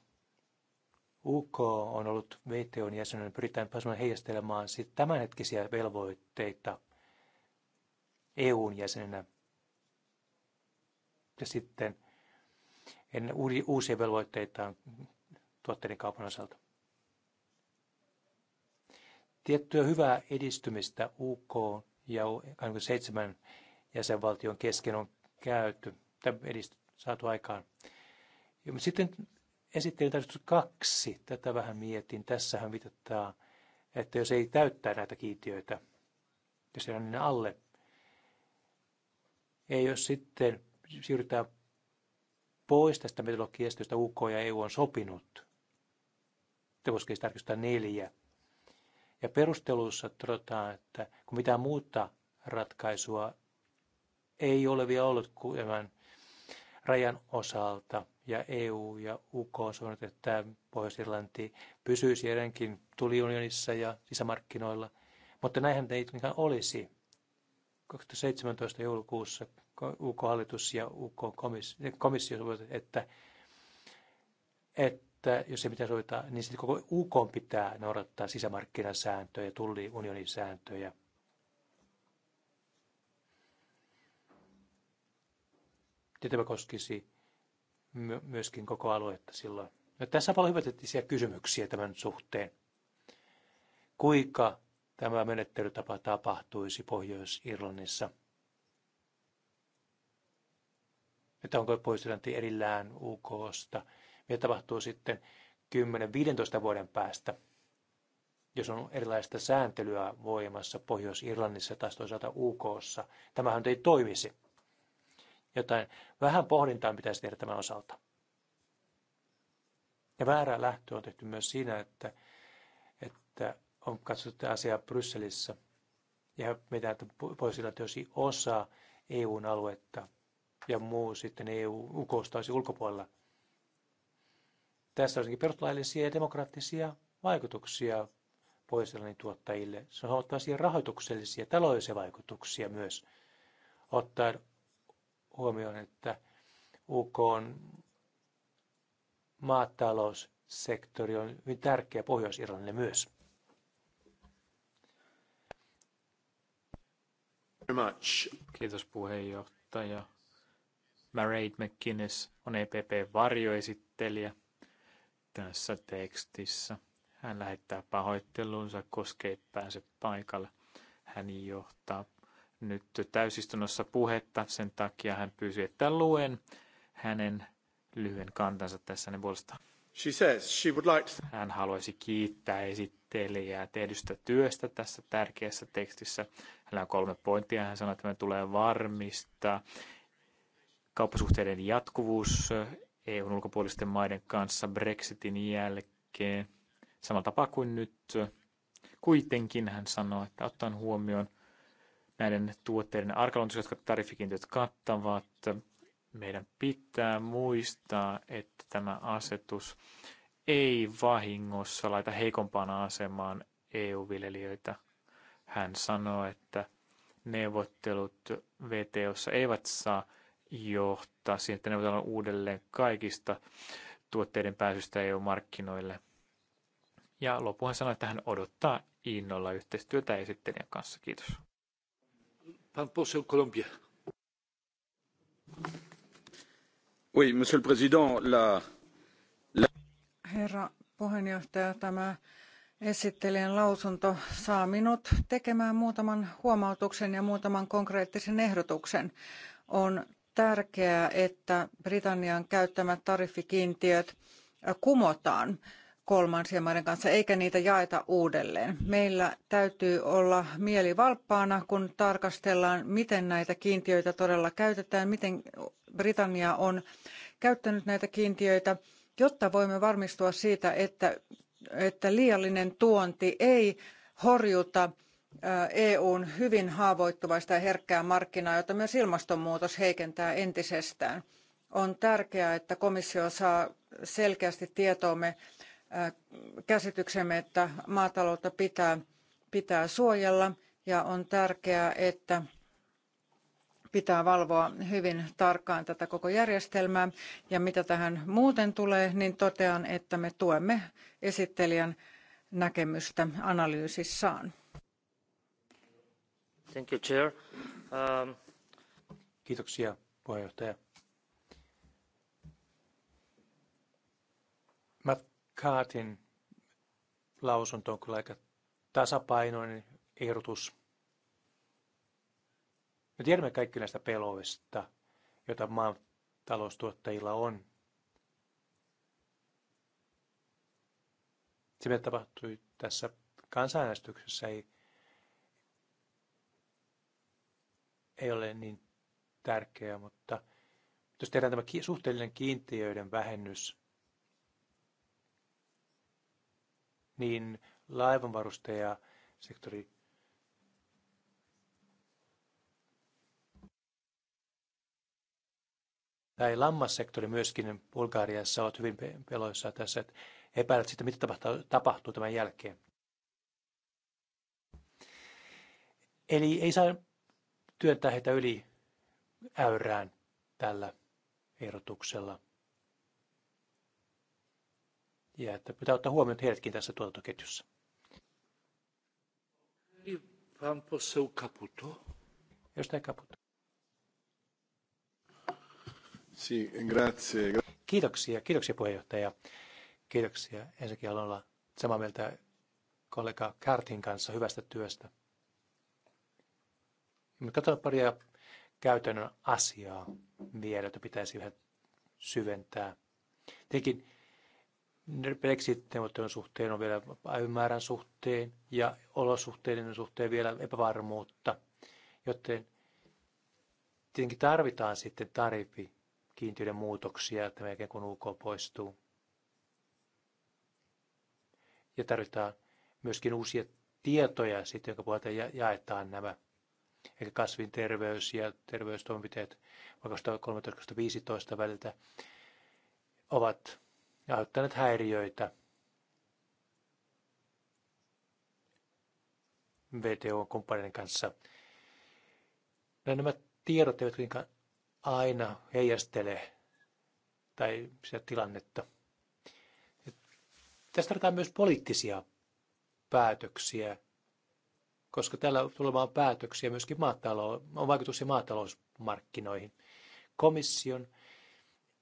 UK on ollut VTOn jäsenen, pyritään pääsemään heijastelemaan tämänhetkisiä velvoitteita EUn jäsenenä. Ja sitten ennen uusia velvoitteitaan tuotteiden kaupan osalta. Tiettyä hyvää edistymistä UK ja 27 jäsenvaltion kesken on käyty edist, saatu aikaan. Sitten esittelin tarkistus kaksi. Tätä vähän mietin. Tässähän viitataan, että jos ei täyttää näitä kiintiöitä, jos ei ole niin alle, ja jos sitten siirrytään pois tästä metodologiasta, josta UK ja EU on sopinut, Te voisikin tarkistaa neljä. Ja perusteluissa todetaan, että kun mitään muuta ratkaisua ei ole vielä ollut kuin tämän rajan osalta, ja EU ja UK on sanonut, että Pohjois-Irlanti pysyisi edelleenkin tuliunionissa ja sisämarkkinoilla, mutta näinhän ei olisi 2017 joulukuussa UK-hallitus ja UK-komissio sopivat, että, että jos ei mitään sovita, niin sitten koko UK pitää noudattaa sisämarkkinasääntöjä, tulliunionin sääntöjä. Ja tämä koskisi myöskin koko aluetta silloin. No, tässä on paljon hypoteettisia kysymyksiä tämän suhteen. Kuinka Tämä menettelytapa tapahtuisi Pohjois-Irlannissa. Että onko Pohjois-Irlanti erillään UKsta? Mitä tapahtuu sitten 10-15 vuoden päästä, jos on erilaista sääntelyä voimassa Pohjois-Irlannissa tai toisaalta UKssa? Tämähän ei toimisi. Jotain vähän pohdintaa pitäisi tehdä tämän osalta. Ja väärä lähtö on tehty myös siinä, että, että on katsottu asiaa Brysselissä ja mitä, että voisi olla tosi osa EUn aluetta ja muu sitten EU ukostaisi ulkopuolella. Tässä olisikin perustuslaillisia ja demokraattisia vaikutuksia pohjois tuottajille. Se on huomattavasti rahoituksellisia taloudellisia vaikutuksia myös, ottaen huomioon, että UK on maataloussektori on hyvin tärkeä Pohjois-Irlannille myös. Much. Kiitos puheenjohtaja. Mairead McGuinness on EPP-varjoesittelijä tässä tekstissä. Hän lähettää pahoittelunsa, koska ei pääse paikalle. Hän johtaa nyt täysistunnossa puhetta, sen takia hän pyysi, että luen hänen lyhyen kantansa tässä ne puolestaan. She says she would like to... Hän haluaisi kiittää esittelijää tehdystä työstä tässä tärkeässä tekstissä. Hän on kolme pointtia. Hän sanoi, että me tulee varmistaa kauppasuhteiden jatkuvuus EUn ulkopuolisten maiden kanssa Brexitin jälkeen. Samalla tapaa kuin nyt. Kuitenkin hän sanoi, että ottaen huomioon näiden tuotteiden arkaluontoiset, jotka tariffikiintiöt kattavat, meidän pitää muistaa, että tämä asetus ei vahingossa laita heikompaan asemaan EU-viljelijöitä. Hän sanoi, että neuvottelut VTOssa eivät saa johtaa siihen, että neuvotellaan uudelleen kaikista tuotteiden pääsystä EU-markkinoille. Ja lopuhan sanoi, että hän odottaa innolla yhteistyötä esittelijän kanssa. Kiitos. Pan Colombia. Kolumbia. Herra puheenjohtaja, tämä esittelijän lausunto saa minut tekemään muutaman huomautuksen ja muutaman konkreettisen ehdotuksen. On tärkeää, että Britannian käyttämät tariffikiintiöt kumotaan kolmansien maiden kanssa, eikä niitä jaeta uudelleen. Meillä täytyy olla mieli valppaana, kun tarkastellaan, miten näitä kiintiöitä todella käytetään, miten Britannia on käyttänyt näitä kiintiöitä, jotta voimme varmistua siitä, että, että liiallinen tuonti ei horjuta äh, EUn hyvin haavoittuvaista ja herkkää markkinaa, jota myös ilmastonmuutos heikentää entisestään. On tärkeää, että komissio saa selkeästi tietoomme käsityksemme, että maataloutta pitää, pitää suojella ja on tärkeää, että pitää valvoa hyvin tarkkaan tätä koko järjestelmää. Ja mitä tähän muuten tulee, niin totean, että me tuemme esittelijän näkemystä analyysissaan. Thank you, Chair. Um... Kiitoksia puheenjohtaja. Kaatin lausunto on kyllä aika tasapainoinen ehdotus. Me tiedämme kaikki näistä peloista, joita taloustuottajilla on. Se, mitä tapahtui tässä kansanäänestyksessä, ei, ei ole niin tärkeää, mutta jos tehdään tämä suhteellinen kiintiöiden vähennys niin laivanvarustaja sektori tai lammassektori myöskin Bulgariassa ovat hyvin peloissa tässä, että epäilet sitten mitä tapahtuu, tapahtuu tämän jälkeen. Eli ei saa työntää heitä yli äyrään tällä ehdotuksella ja että pitää ottaa huomioon heidätkin tässä tuotantoketjussa. Edustaja Caputo. Si, grazie. Kiitoksia, kiitoksia puheenjohtaja. Kiitoksia. Ensinnäkin haluan olla samaa mieltä kollega Kärtin kanssa hyvästä työstä. Mutta katsotaan paria käytännön asiaa vielä, jota pitäisi vähän syventää. Tietenkin niin Brexit-neuvottelun suhteen on vielä päivämäärän suhteen ja olosuhteiden suhteen vielä epävarmuutta, joten tietenkin tarvitaan sitten tarifi kiintiöiden muutoksia että melkein kun UK poistuu. Ja tarvitaan myöskin uusia tietoja sitten, jonka puolelta jaetaan nämä eli kasvin terveys ja terveystoimenpiteet 2013-2015 väliltä ovat ja aiheuttaneet häiriöitä. VTO-kumppaneiden kanssa. No, nämä tiedot eivät kuitenkaan aina heijastele tai sitä tilannetta. Tässä tarvitaan myös poliittisia päätöksiä, koska täällä tulemaan päätöksiä myöskin maatalo on vaikutus ja maatalousmarkkinoihin. Komission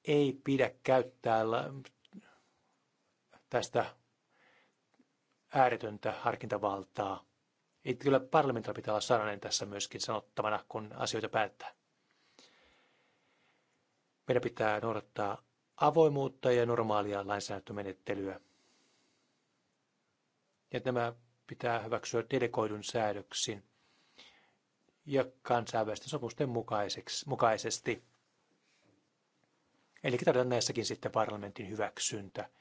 ei pidä käyttää tästä ääretöntä harkintavaltaa. Että kyllä parlamentilla pitää olla sananen tässä myöskin sanottavana, kun asioita päättää. Meidän pitää noudattaa avoimuutta ja normaalia lainsäädäntömenettelyä. Ja nämä pitää hyväksyä delegoidun säädöksin ja kansainvälisten sopusten mukaisesti. Eli tarvitaan näissäkin sitten parlamentin hyväksyntä –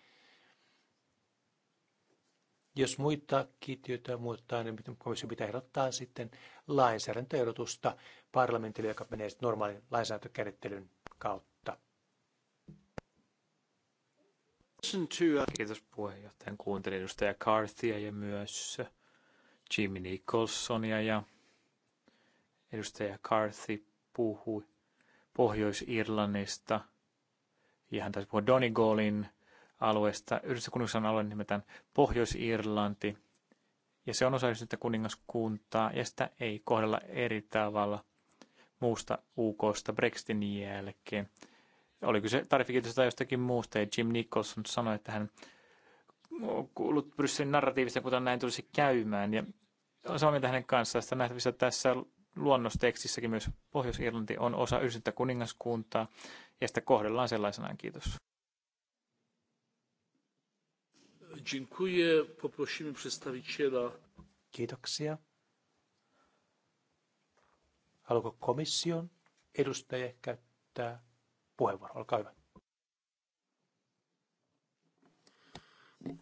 jos muita kiintiöitä muuttaa, niin komissio pitää ehdottaa sitten lainsäädäntöehdotusta parlamentille, joka menee normaalin lainsäädäntökäsittelyn kautta. Kiitos puheenjohtajan. Kuuntelin edustaja Carthia ja myös Jimmy Nicholsonia ja edustaja Carthy puhui Pohjois-Irlannista ja hän taisi puhua Donegalin alueesta. Yhdessä kuningaskunnan alue nimetään Pohjois-Irlanti, ja se on osa yhdessä kuningaskuntaa, ja sitä ei kohdella eri tavalla muusta UKsta Brexitin jälkeen. Oli kyse tarifikitiosta tai jostakin muusta, ja Jim Nicholson sanoi, että hän on kuullut Brysselin narratiivista, kuten näin tulisi käymään, ja on samaa mieltä hänen kanssaan. Sitä nähtävissä tässä luonnostekstissäkin myös Pohjois-Irlanti on osa yhdessä kuningaskuntaa, ja sitä kohdellaan sellaisenaan. Kiitos. Dziękuję. Poprosimy przedstawiciela. Kiitoksia. Haluatko komission edustaja käyttää puheenvuoro? Olkaa hyvä.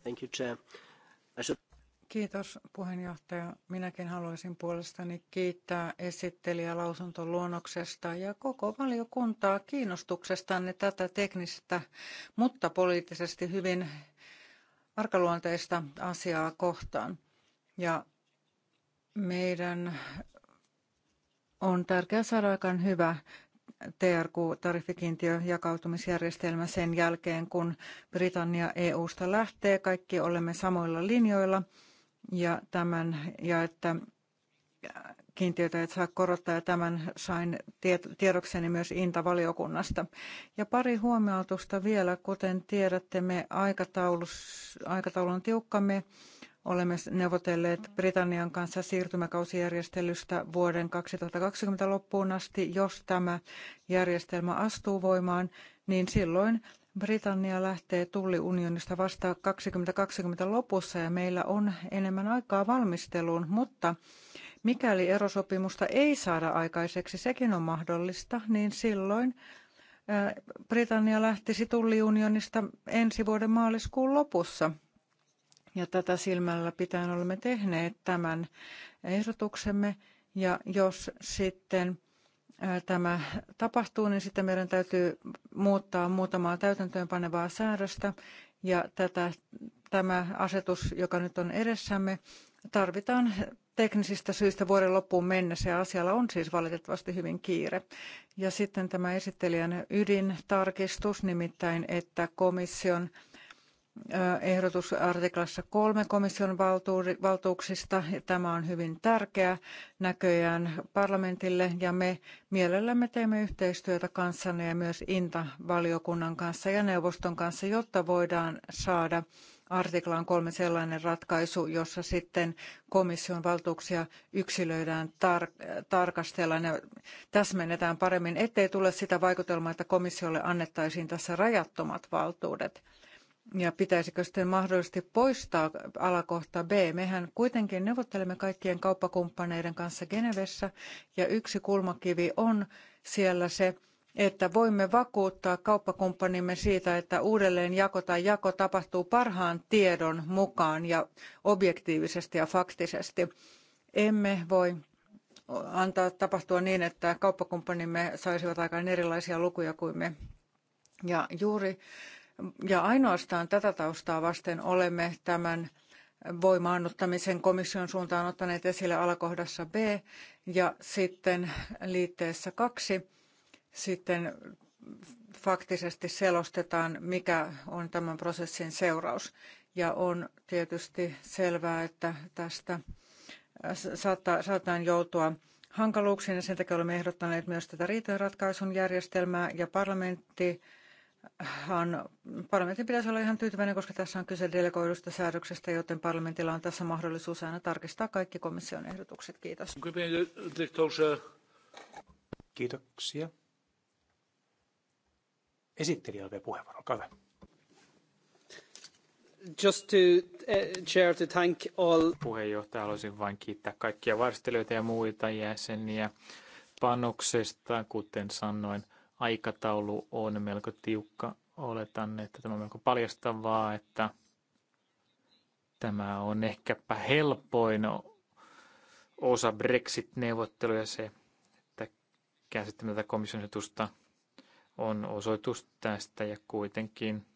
Thank you, Chair. should... Kiitos puheenjohtaja. Minäkin haluaisin puolestani kiittää esittelijä lausuntoluonnoksesta ja koko valiokuntaa kiinnostuksestanne tätä teknistä, mutta poliittisesti hyvin arkaluonteista asiaa kohtaan. Ja meidän on tärkeää saada aikaan hyvä TRQ-tariffikiintiö jakautumisjärjestelmä sen jälkeen, kun Britannia EU-sta lähtee. Kaikki olemme samoilla linjoilla ja, tämän, ja että kiintiötä et saa korottaa ja tämän sain tiedokseni myös Inta-valiokunnasta. Ja pari huomautusta vielä, kuten tiedätte, me aikataulu on tiukkamme olemme neuvotelleet Britannian kanssa siirtymäkausijärjestelystä vuoden 2020 loppuun asti. Jos tämä järjestelmä astuu voimaan, niin silloin Britannia lähtee tulliunionista vasta 2020 lopussa ja meillä on enemmän aikaa valmisteluun, mutta Mikäli erosopimusta ei saada aikaiseksi, sekin on mahdollista, niin silloin Britannia lähtisi tulliunionista ensi vuoden maaliskuun lopussa. Ja tätä silmällä pitäen olemme tehneet tämän ehdotuksemme. Ja jos sitten tämä tapahtuu, niin sitten meidän täytyy muuttaa muutamaa täytäntöönpanevaa säädöstä. Ja tätä, tämä asetus, joka nyt on edessämme, tarvitaan teknisistä syistä vuoden loppuun mennessä ja asialla on siis valitettavasti hyvin kiire. Ja sitten tämä esittelijän ydintarkistus, nimittäin että komission ehdotus artiklassa kolme komission valtuuksista. Tämä on hyvin tärkeä näköjään parlamentille ja me mielellämme teemme yhteistyötä kanssanne ja myös INTA-valiokunnan kanssa ja neuvoston kanssa, jotta voidaan saada artiklaan kolme sellainen ratkaisu, jossa sitten komission valtuuksia yksilöidään, tar- tarkastellaan ja täsmennetään paremmin, ettei tule sitä vaikutelmaa, että komissiolle annettaisiin tässä rajattomat valtuudet. Ja pitäisikö sitten mahdollisesti poistaa alakohta B? Mehän kuitenkin neuvottelemme kaikkien kauppakumppaneiden kanssa Genevessä ja yksi kulmakivi on siellä se, että voimme vakuuttaa kauppakumppanimme siitä, että uudelleenjako tai jako tapahtuu parhaan tiedon mukaan ja objektiivisesti ja faktisesti. Emme voi antaa tapahtua niin, että kauppakumppanimme saisivat aikaan erilaisia lukuja kuin me. Ja juuri ja ainoastaan tätä taustaa vasten olemme tämän voimaannuttamisen komission suuntaan ottaneet esille alakohdassa B ja sitten liitteessä kaksi sitten faktisesti selostetaan, mikä on tämän prosessin seuraus. Ja on tietysti selvää, että tästä äh, saattaa, joutua hankaluuksiin ja sen takia olemme ehdottaneet myös tätä riitojenratkaisun järjestelmää ja parlamentti äh, on parlamentin pitäisi olla ihan tyytyväinen, koska tässä on kyse delegoidusta säädöksestä, joten parlamentilla on tässä mahdollisuus aina tarkistaa kaikki komission ehdotukset. Kiitos. Kiitoksia esittelijällä vielä puheenvuoron. Olkaa hyvä. Just to, uh, chair to thank all. Puheenjohtaja, haluaisin vain kiittää kaikkia varstelijoita ja muita jäseniä panoksesta. Kuten sanoin, aikataulu on melko tiukka. Oletan, että tämä on melko paljastavaa, että tämä on ehkäpä helpoin osa Brexit-neuvotteluja se, että tätä komission on osoitus tästä ja kuitenkin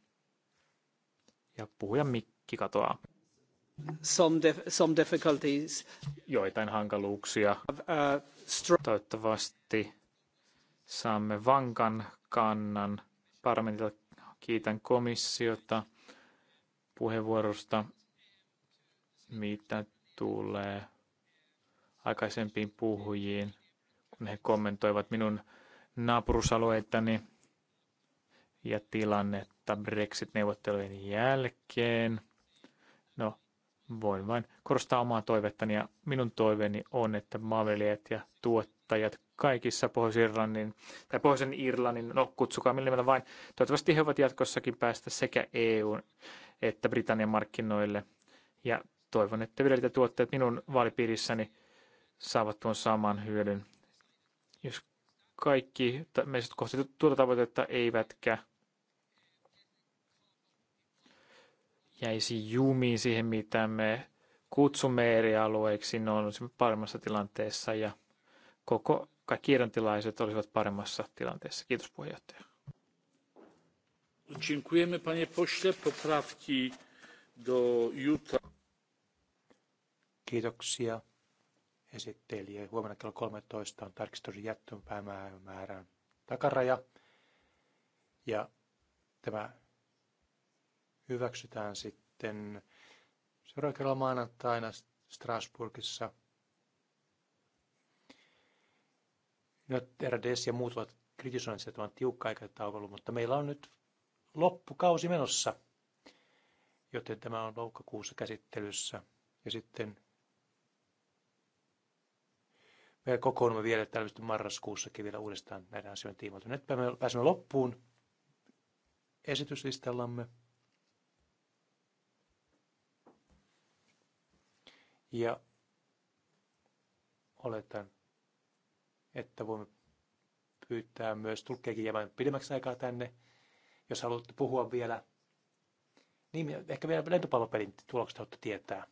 ja puhujan mikki katoaa. Some, def- some difficulties. Joitain hankaluuksia. Uh, Toivottavasti saamme vankan kannan parlamentilta. Kiitän komissiota puheenvuorosta, mitä tulee aikaisempiin puhujiin, kun he kommentoivat minun naapurusalueitani ja tilannetta Brexit-neuvottelujen jälkeen. No, voin vain korostaa omaa toivettani ja minun toiveeni on, että maanviljelijät ja tuottajat kaikissa Pohjois-Irlannin tai Pohjoisen Irlannin, no kutsukaa millä vain, toivottavasti he ovat jatkossakin päästä sekä EU että Britannian markkinoille. Ja toivon, että viljelijät ja tuottajat minun vaalipiirissäni saavat tuon saman hyödyn. Jos kaikki meistä kohti tuota tavoitetta eivätkä jäisi jumiin siihen, mitä me kutsumme eri alueiksi, ne on paremmassa tilanteessa ja koko, kaikki irlantilaiset olisivat paremmassa tilanteessa. Kiitos puheenjohtaja. Dziękujemy panie pośle. Poprawki do jutra. Kiitoksia esittelijä. Huomenna kello 13 on tarkistuksen jättön päämäärän takaraja. Ja tämä hyväksytään sitten seuraavalla kerralla maanantaina Strasbourgissa. No, RDS ja muut ovat kritisoineet että on tiukka aikataulu, mutta meillä on nyt loppukausi menossa, joten tämä on loukkakuussa käsittelyssä. Ja sitten me kokoonnumme vielä tällaista marraskuussakin vielä uudestaan näiden asioiden tiimoilta. Nyt pääsemme loppuun esityslistallamme. Ja oletan, että voimme pyytää myös tulkkeekin jäämään pidemmäksi aikaa tänne, jos haluatte puhua vielä. Niin, ehkä vielä lentopallopelin tulokset haluatte tietää.